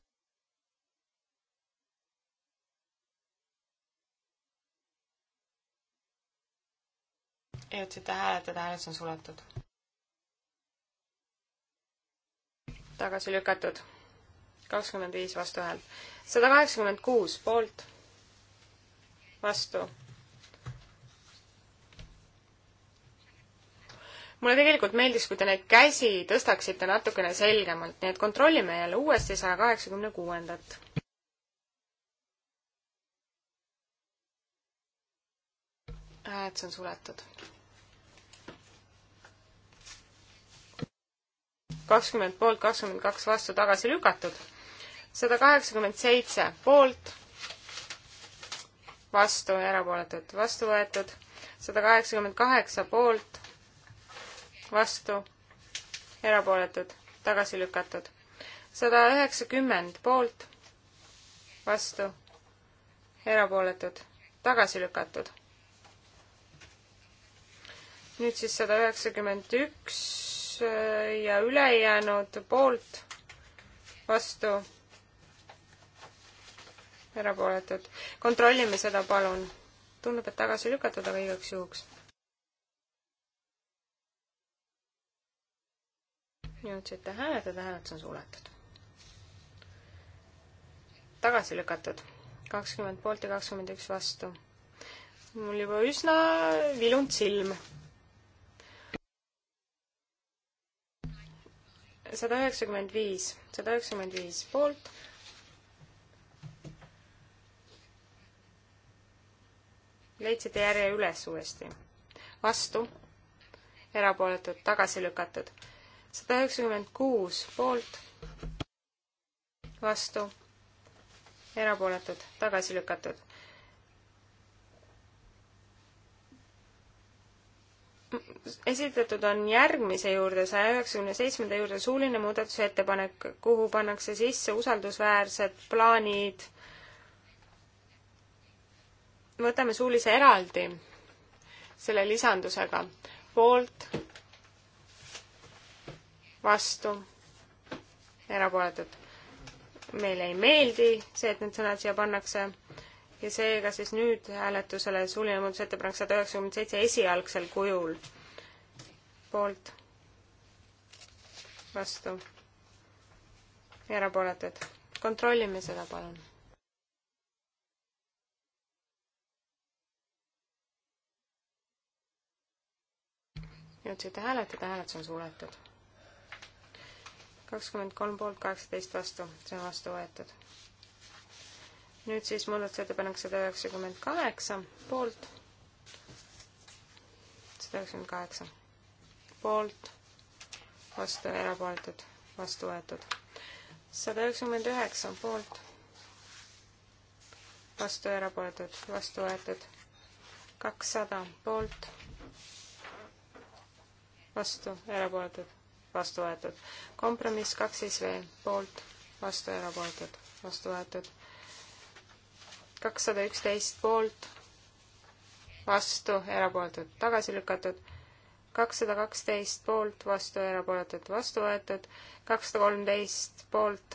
jõudsite hääletada, hääletus on suletud. tagasi lükatud. kakskümmend viis vastuhäält. sada kaheksakümmend kuus poolt, vastu. mulle tegelikult meeldis, kui te neid käsi tõstaksite natukene selgemalt, nii et kontrollime jälle uuesti saja kaheksakümne kuuendat. hääletus on suletud kakskümmend poolt, kakskümmend kaks vastu tagasi lükatud. sada kaheksakümmend seitse poolt, vastu ja erapooletud, vastu võetud. sada kaheksakümmend kaheksa poolt, vastu, erapooletud, tagasi lükatud. sada üheksakümmend poolt, vastu, erapooletud, tagasi lükatud. nüüd siis sada üheksakümmend üks Äh, ja ülejäänud poolt, vastu, erapooletud. kontrollime seda, palun. tundub, et tagasi lükatud, aga igaks juhuks. jõudsite hääletada, hääletus on suletud. tagasi lükatud, kakskümmend poolt ja kakskümmend üks vastu. mul juba üsna vilunt silm sada üheksakümmend viis, sada üheksakümmend viis poolt. leidsite järje üles uuesti. vastu, erapooletud, tagasi lükatud. sada üheksakümmend kuus poolt, vastu, erapooletud, tagasi lükatud esitatud on järgmise juurde, saja üheksakümne seitsmenda juurde suuline muudatusettepanek, kuhu pannakse sisse usaldusväärsed plaanid. võtame suulise eraldi selle lisandusega. poolt, vastu, erapooletud. meile ei meeldi see, et need sõnad siia pannakse ja seega siis nüüd hääletusele suuline muudatusettepanek sada üheksakümmend seitse esialgsel kujul poolt, vastu, erapooletud. kontrollime seda, palun. jõudsite hääletada, hääletus on suletud. kakskümmend kolm poolt, kaheksateist vastu, see on vastu võetud. nüüd siis muudatusettepanek sada üheksakümmend kaheksa poolt, sada üheksakümmend kaheksa poolt, vastu ja erapooletud, vastu võetud. sada üheksakümmend üheksa poolt, vastu ja erapooletud, vastu võetud. kakssada poolt, vastu, erapooletud, vastu võetud. kompromiss kaks siis veel, poolt, vastu, erapooletud, vastu võetud. kakssada üksteist poolt, vastu, erapooletud, tagasi lükatud kakssada kaksteist poolt, vastu, erapooletud, vastu võetud, kakssada kolmteist poolt,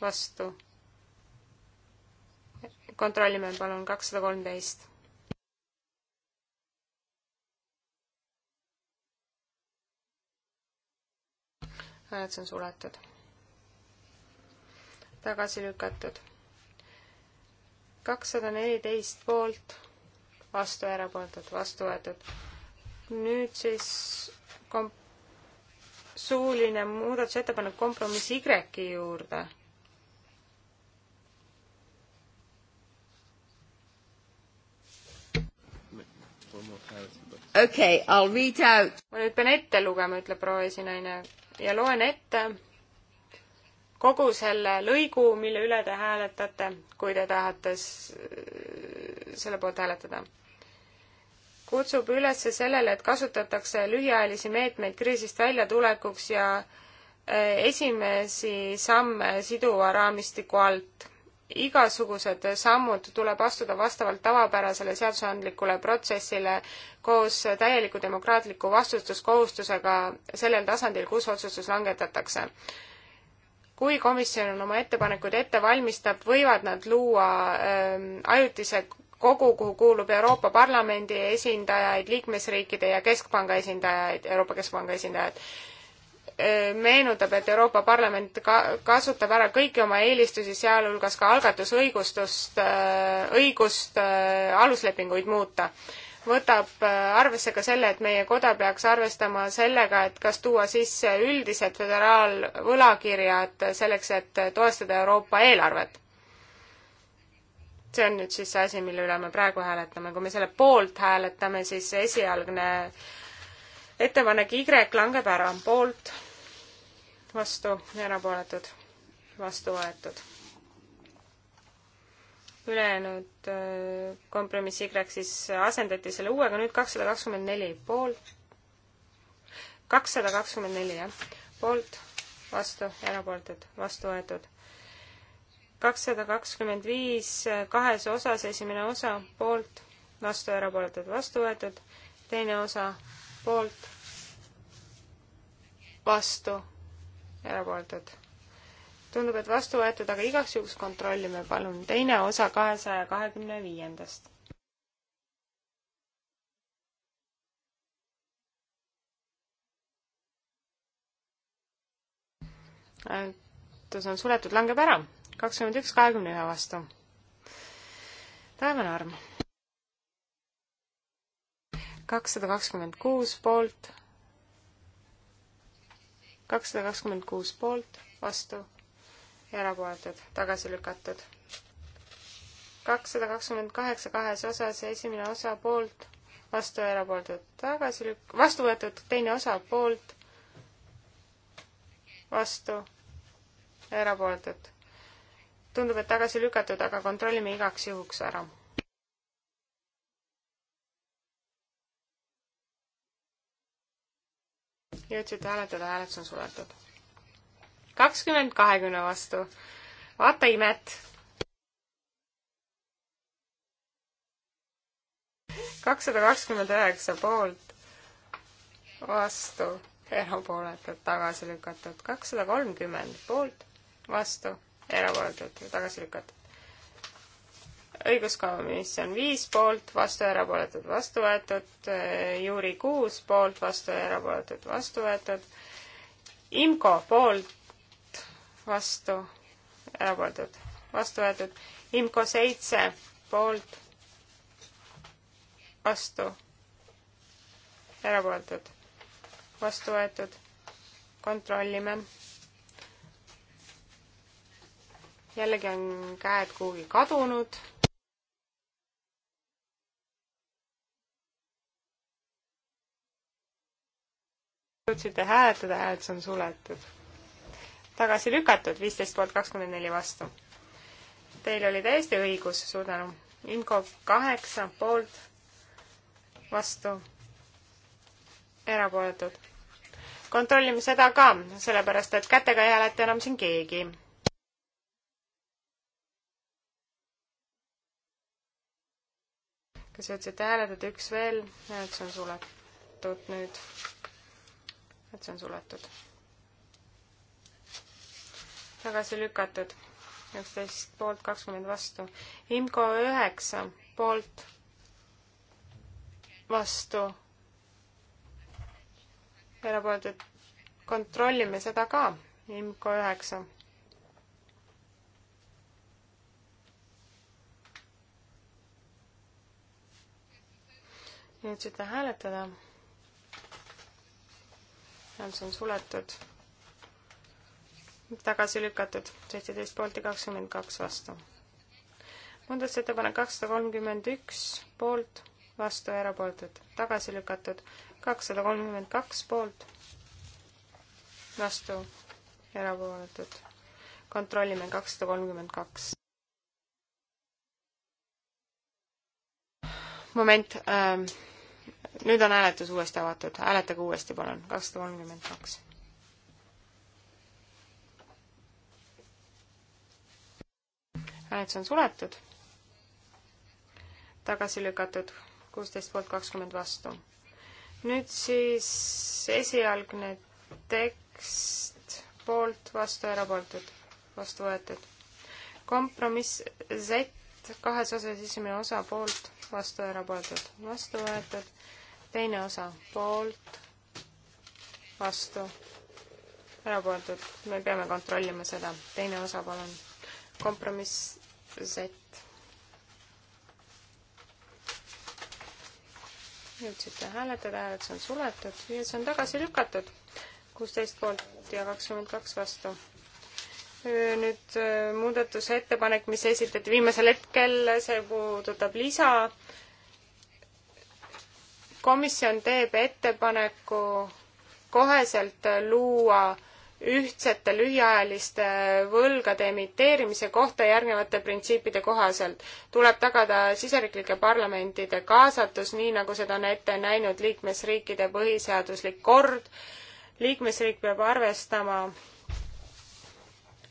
vastu. kontrollime palun, kakssada kolmteist. hääletus on suletud. tagasi lükatud. kakssada neliteist poolt, vastu, erapooletud, vastu võetud nüüd siis komp-, suuline muudatusettepanek kompromissi Y-i juurde. okei okay,, I will read out. ma nüüd pean ette lugema, ütleb proua esinaine ja loen ette kogu selle lõigu, mille üle te hääletate, kui te tahate selle poolt hääletada kutsub üles sellele, et kasutatakse lühiajalisi meetmeid kriisist väljatulekuks ja eh, esimesi samme siduva raamistiku alt. igasugused sammud tuleb astuda vastavalt tavapärasele seadusandlikule protsessile koos täieliku demokraatliku vastutuskohustusega sellel tasandil, kus otsustus langetatakse kui komisjon on oma ettepanekuid ette valmistab, võivad nad luua ähm, ajutise kogu, kuhu kuulub Euroopa Parlamendi esindajaid, liikmesriikide ja Keskpanga esindajaid, Euroopa Keskpanga esindajaid, meenutab, et Euroopa Parlament ka-, kasutab ära kõiki oma eelistusi, sealhulgas ka algatusõigustust, õigust aluslepinguid muuta. võtab arvesse ka selle, et meie koda peaks arvestama sellega, et kas tuua sisse üldised föderaalvõlakirjad selleks, et toestada Euroopa eelarvet see on nüüd siis see asi, mille üle me praegu hääletame, kui me selle poolt hääletame, siis esialgne ettepanek Y langeb ära, poolt, vastu, erapooletud, vastu võetud. ülejäänud äh, kompromiss Y siis asendati selle uuega, nüüd kakssada kakskümmend neli poolt, kakssada kakskümmend neli, jah, poolt, vastu, erapooletud, vastu võetud kakssada kakskümmend viis kahes osas, esimene osa poolt, vastu erapooletud, vastu võetud, teine osa poolt, vastu, erapooletud. tundub, et vastu võetud, aga igaks juhuks kontrollime, palun, teine osa kahesaja kahekümne viiendast. hääletus on suletud, langeb ära kakskümmend üks kahekümne ühe vastu. taevane arm. kakssada kakskümmend kuus poolt, kakssada kakskümmend kuus poolt, vastu ja erapooletud, tagasi lükatud kakssada kakskümmend kaheksa kahes osas ja esimene osa poolt, vastu erapooletud tagasi lük-, vastu võetud teine osa poolt, vastu erapooletud tundub, et tagasi lükatud, aga kontrollime igaks juhuks ära. jõudsite hääletada, hääletus on suletud. kakskümmend kahekümne vastu. vaata imet. kakssada kakskümmend üheksa poolt, vastu, erapooletud, tagasi lükatud, kakssada kolmkümmend poolt, vastu erapooletud, tagasi lükatud. õiguskomisjon viis poolt, vastu, erapooletud, vastu võetud, Juri kuus poolt, vastu, erapooletud, vastu võetud, IMCO poolt, vastu, erapooletud, vastu võetud, IMCO seitse poolt, vastu, erapooletud, vastu võetud, kontrollime jällegi on käed kuhugi kadunud. jõudsite hääletada, hääletus on suletud. tagasi lükatud, viisteist poolt kakskümmend neli vastu. Teil oli täiesti õigus, suur tänu. Inko kaheksa poolt, vastu, erapooletud kontrollime seda ka, sellepärast et kätega ei hääleta enam siin keegi. kas jõudsite hääletada, üks veel, et see on suletud nüüd. et see on suletud. tagasi lükatud, üksteist poolt, kakskümmend vastu. IMCO üheksa poolt, vastu, erapooletud, kontrollime seda ka, IMCO üheksa nüüd seda hääletada. hääletus on suletud. tagasi lükatud, seitseteist poolt ja kakskümmend kaks vastu. muudatusettepanek kakssada kolmkümmend üks poolt, vastu ja erapooletud, tagasi lükatud, kakssada kolmkümmend kaks poolt, vastu, erapooletud. kontrollime kakssada kolmkümmend kaks. moment ähm,, nüüd on hääletus uuesti avatud, hääletage uuesti, palun, kakssada kolmkümmend kaks. hääletus on suletud, tagasi lükatud, kuusteist poolt kakskümmend vastu. nüüd siis esialgne tekst poolt, vastu, erapooletud, vastu võetud. kompromiss Z kahes osas esimene osa poolt, vastu, erapooletud, vastu võetud teine osa poolt, vastu, erapooletud, me peame kontrollima seda, teine osa, palun, kompromiss Z. jõudsite hääletada, hääletus on suletud ja see on tagasi lükatud, kuusteist poolt ja kakskümmend kaks vastu nüüd muudatusettepanek, mis esitati viimasel hetkel, see puudutab lisa komisjon teeb ettepaneku koheselt luua ühtsete lühiajaliste võlgade emiteerimise kohta järgnevate printsiipide kohaselt tuleb tagada siseriiklike parlamentide kaasatus, nii nagu seda on ette näinud liikmesriikide põhiseaduslik kord. liikmesriik peab arvestama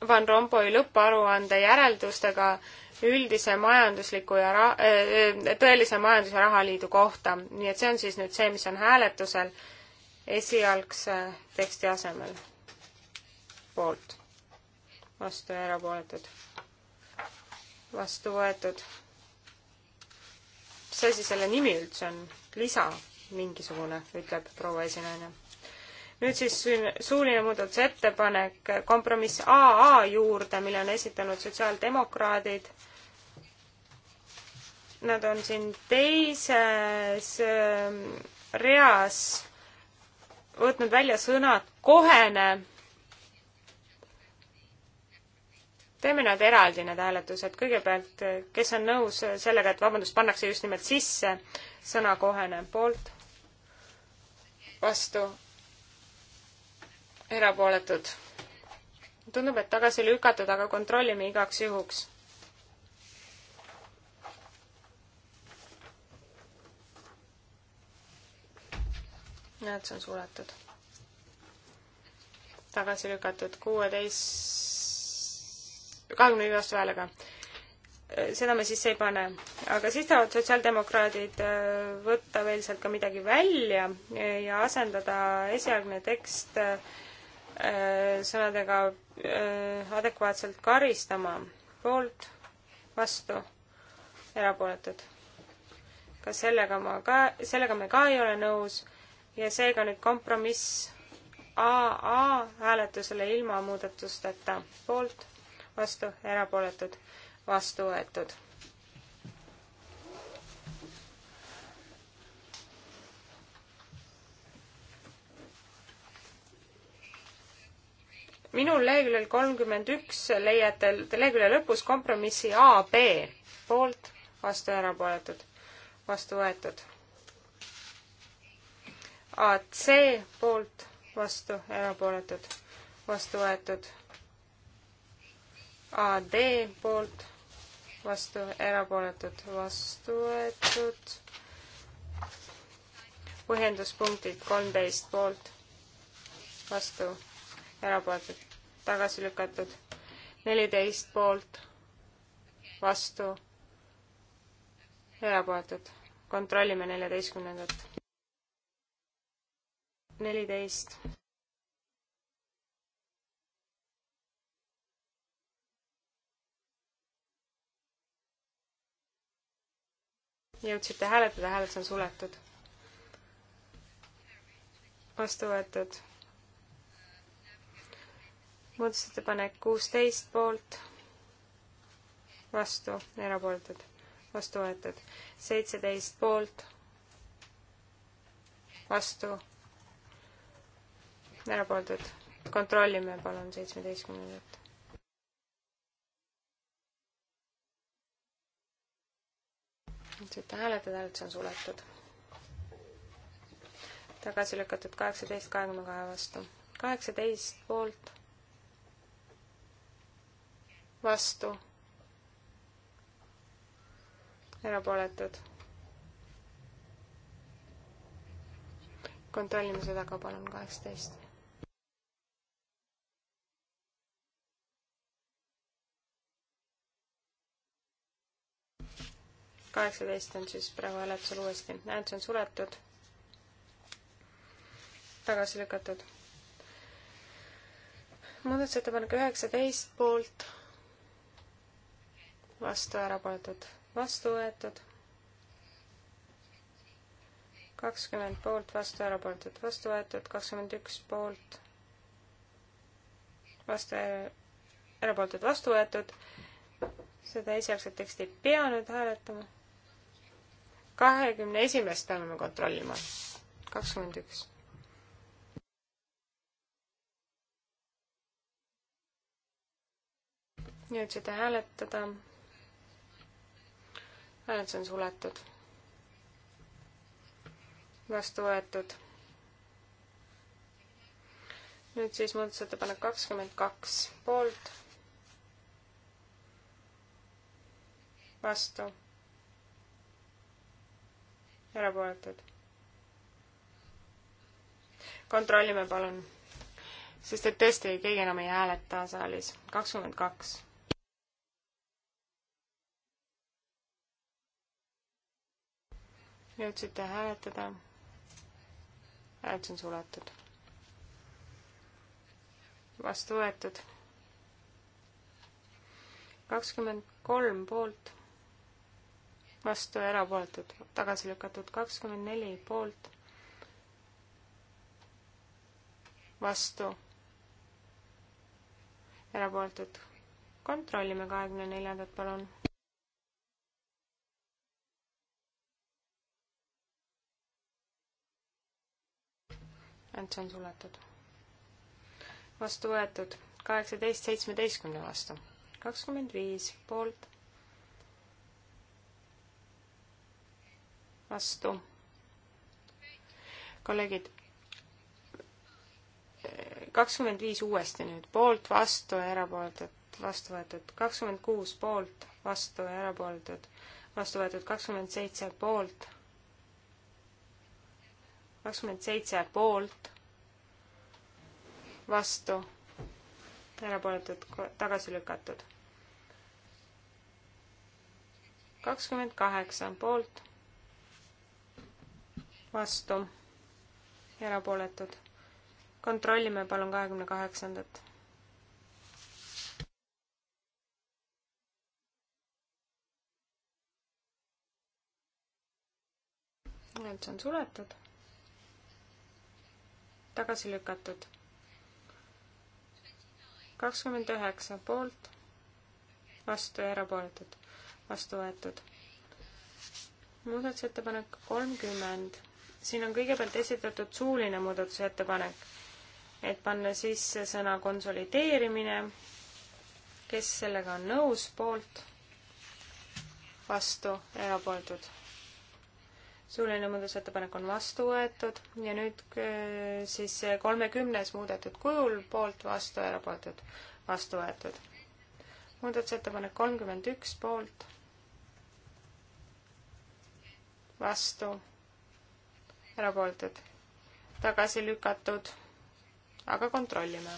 Van Rompuy lõpparuande järeldustega üldise majandusliku ja ra-, äh, tõelise majandus- ja rahaliidu kohta. nii et see on siis nüüd see, mis on hääletusel esialgse teksti asemel. poolt, vastu ja erapooletud, vastu võetud. mis asi selle nimi üldse on? lisa mingisugune, ütleb proua esinaine nüüd siis suuline muudatusettepanek kompromiss AA juurde, mille on esitanud sotsiaaldemokraadid nad on siin teises ähm, reas võtnud välja sõnad kohene. teeme nad eraldi, need hääletused. kõigepealt, äh, kes on nõus sellega, et vabandust, pannakse just nimelt sisse sõna kohene poolt, vastu, erapooletud. tundub, et tagasi lükatud, aga kontrollime igaks juhuks näed, see on suletud. tagasi lükatud kuueteist, kahekümne viie vastu häälega. seda me sisse ei pane, aga siis tahavad sotsiaaldemokraadid äh, võtta veel sealt ka midagi välja ja asendada esialgne tekst äh, sõnadega äh, adekvaatselt karistama. poolt, vastu, erapooletud. kas sellega ma ka, sellega me ka ei ole nõus ja seega nüüd kompromiss AA hääletusele ilma muudatusteta poolt, vastu, erapooletud, vastu võetud. minul leheküljel kolmkümmend üks leiate lehekülje lõpus kompromissi AB poolt, vastu, erapooletud, vastu võetud AC poolt, vastu, erapooletud, vastu võetud. AD poolt, vastu, erapooletud, vastu võetud. põhjenduspunktid kolmteist poolt, vastu, erapooletud, tagasi lükatud. neliteist poolt, vastu, erapooletud. kontrollime neljateistkümnendat neliteist. jõudsite hääletada, hääletus on suletud. vastu võetud. muudatusettepanek kuusteist poolt, vastu, erapooletud, vastu võetud. seitseteist poolt, vastu erapooletud. kontrollime palun seitsmeteistkümnendat. saite hääletada, hääletus on suletud. tagasi lükatud kaheksateist kahekümne kahe vastu. kaheksateist poolt, vastu, erapooletud kontrollime seda ka palun, kaheksateist. kaheksateist on siis praegu hääletusel uuesti. hääletus on suletud, tagasi lükatud. muudatusettepanek üheksateist poolt, vastu ära poetud, vastu võetud, kakskümmend poolt, vastu ära poetud, vastu võetud, kakskümmend üks poolt, vastu ära poetud, vastu võetud, seda esialgset teksti ei pea nüüd hääletama kahekümne esimest peame me kontrollima. kakskümmend üks. nüüd seda hääletada. hääletus on suletud. vastu võetud. nüüd siis muudatusettepanek kakskümmend kaks poolt. vastu erapooletud. kontrollime palun, sest et tõesti keegi enam ei hääleta saalis. kakskümmend kaks. jõudsite hääletada? hääletus on suletud. vastu võetud. kakskümmend kolm poolt vastu ja erapooletud, tagasi lükatud kakskümmend neli poolt, vastu, erapooletud. kontrollime kahekümne neljandat, palun. ent see on suletud. vastu võetud kaheksateist seitsmeteistkümne vastu, kakskümmend viis poolt vastu. kolleegid, kakskümmend viis uuesti nüüd, poolt, vastu ja erapooletud, vastu võetud, kakskümmend kuus poolt, vastu ja erapooletud, vastu võetud, kakskümmend seitse poolt, kakskümmend seitse poolt, vastu, erapooletud, tagasi lükatud. kakskümmend kaheksa poolt vastu, erapooletud. kontrollime palun kahekümne kaheksandat. nüüd see on suletud. tagasi lükatud. kakskümmend üheksa poolt, vastu ja erapooletud, vastu võetud. muudatusettepanek kolmkümmend siin on kõigepealt esitatud suuline muudatusettepanek, et panna sisse sõna konsolideerimine. kes sellega on nõus, poolt, vastu, erapooletud? suuline muudatusettepanek on vastu võetud ja nüüd äh, siis kolmekümnes muudetud kujul poolt, vastu, erapooletud, vastu võetud. muudatusettepanek kolmkümmend üks poolt, vastu erapooletud, tagasi lükatud, aga kontrollime.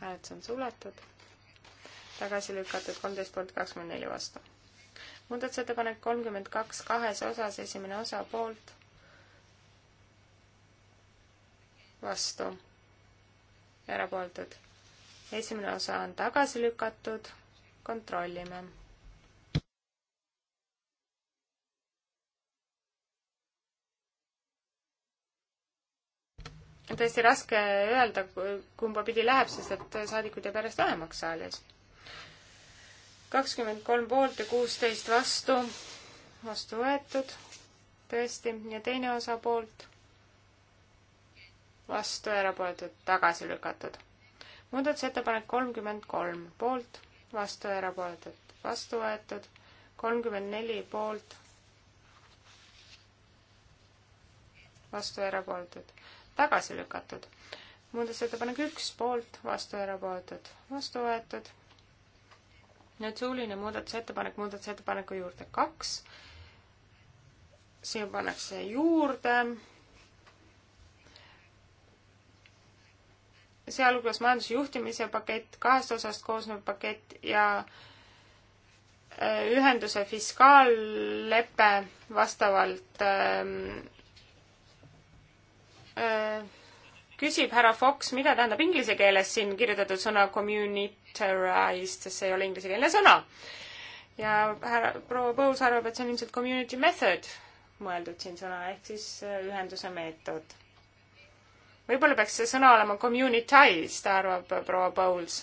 hääletus on suletud, tagasi lükatud kolmteist poolt kakskümmend neli vastu. muudatusettepanek kolmkümmend kaks kahes osas, esimene osa poolt vastu, erapooletud. esimene osa on tagasi lükatud, kontrollime. on tõesti raske öelda, kumba pidi läheb, sest et saadikuid jääb järjest vähemaks saalis. kakskümmend kolm poolt ja kuusteist vastu, vastu võetud tõesti, ja teine osa poolt vastu, erapooletud, tagasi lükatud. muudatusettepanek kolmkümmend kolm, poolt, vastu, erapooletud, vastu võetud, kolmkümmend neli, poolt, vastu, erapooletud, tagasi lükatud. muudatusettepanek üks, poolt, vastu, erapooletud, vastu võetud. nüüd suuline muudatusettepanek muudatusettepaneku juurde kaks, siia pannakse juurde sealhulgas majandusjuhtimise pakett, kahest osast koosnev pakett ja äh, ühenduse fiskaallepe vastavalt ähm, äh, küsib härra Fox, mida tähendab inglise keeles siin kirjutatud sõna communitarised, sest see ei ole inglisekeelne sõna. ja härra proua Põus arvab, et see on ilmselt community method mõeldud siin sõna, ehk siis äh, ühenduse meetod võib-olla peaks see sõna olema communities, ta arvab proua Bowles.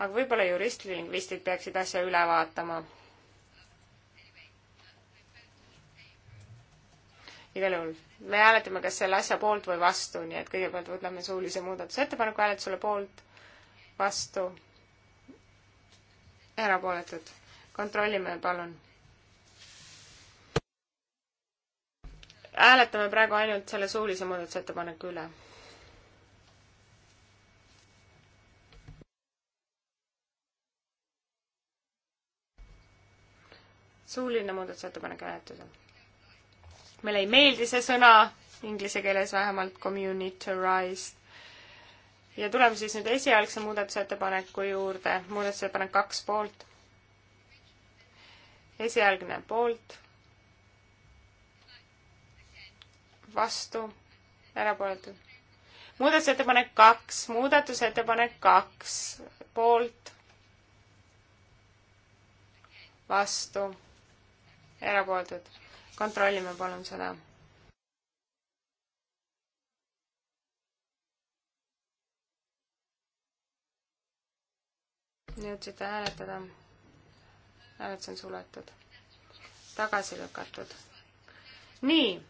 aga võib-olla juristid ja lingvistid peaksid asja üle vaatama. igal juhul, me hääletame kas selle asja poolt või vastu, nii et kõigepealt võtame suulise muudatusettepaneku hääletusele poolt, vastu, erapooletud. kontrollime, palun hääletame praegu ainult selle suulise muudatusettepaneku üle. suuline muudatusettepanek hääletusel. meile ei meeldi see sõna, inglise keeles vähemalt communitarised. ja tuleme siis nüüd esialgse muudatusettepaneku juurde, muudatusettepanek kaks poolt. esialgne poolt vastu, erapooletud. muudatusettepanek kaks, muudatusettepanek kaks, poolt, vastu, erapooletud. kontrollime palun seda nüüd seda hääletada. hääletus on suletud, tagasi lükatud. nii,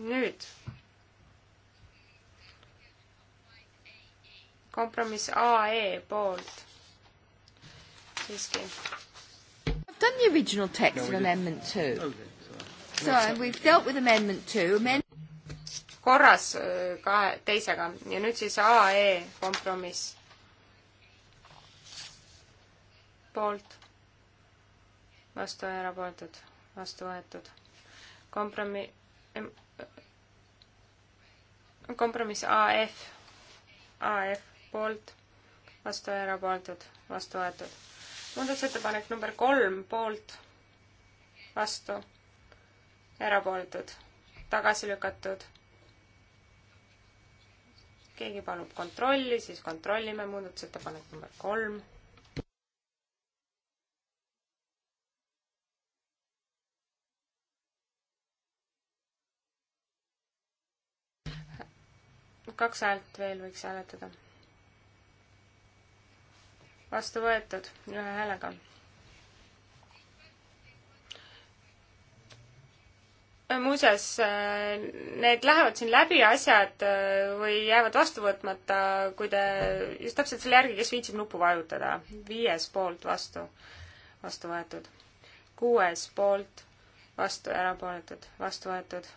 nüüd kompromiss AE poolt siiski. I've done the original text no, of amendment two okay,. So we've dealt with amendment two Amend. korras äh, kahe, teisega ja nüüd siis AE kompromiss. poolt, vastu ja erapooletud, vastu võetud. kompromiss kompromiss AF, AF poolt, vastu ja erapooletud, vastu võetud. muudatusettepanek number kolm poolt, vastu, erapooletud, tagasi lükatud. keegi palub kontrolli, siis kontrollime muudatusettepanek number kolm kaks häält veel võiks hääletada. vastu võetud ühe häälega. Äh, muuseas, äh, need lähevad siin läbi asjad äh, või jäävad vastu võtmata, kui te just täpselt selle järgi, kes viitsib nuppu vajutada. viies poolt vastu, vastu võetud. kuues poolt vastu, erapooletud, vastu võetud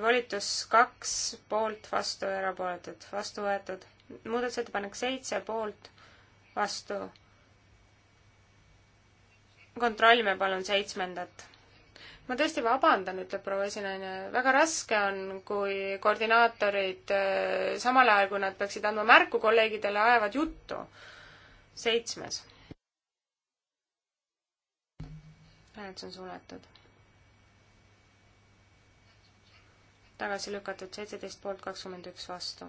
volitus kaks poolt, vastu, erapooletud, vastu võetud. muudatusettepanek seitse poolt, vastu. kontrollime palun seitsmendat. ma tõesti vabandan, ütleb proua esinaine, väga raske on, kui koordinaatorid äh, samal ajal, kui nad peaksid andma märku kolleegidele, ajavad juttu. seitsmes. hääletus on suletud tagasi lükatud seitseteist poolt kakskümmend üks vastu.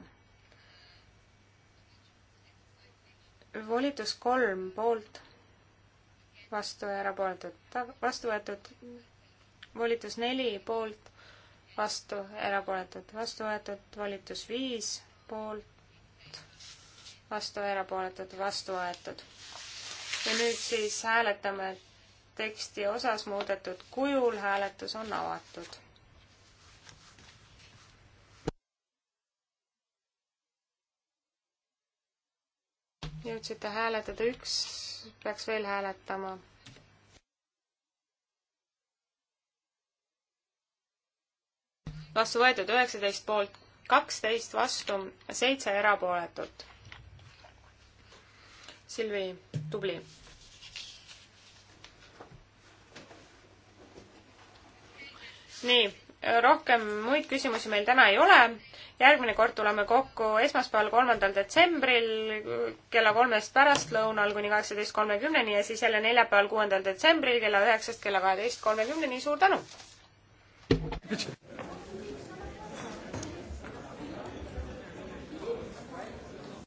volitus kolm poolt, vastu ja erapooletud, vastu võetud. volitus neli poolt, vastu, erapooletud, vastu võetud. volitus viis poolt, vastu, erapooletud, vastu võetud. ja nüüd siis hääletame teksti osas muudetud kujul, hääletus on avatud jõudsite hääletada, üks peaks veel hääletama. vastu võetud üheksateist poolt, kaksteist vastu, seitse erapooletut. Silvi, tubli. nii, rohkem muid küsimusi meil täna ei ole järgmine kord tuleme kokku esmaspäeval, kolmandal detsembril kella kolmest pärastlõunal kuni kaheksateist kolmekümneni ja siis jälle neljapäeval, kuuendal detsembril kella üheksast kella kaheteist kolmekümneni. suur tänu!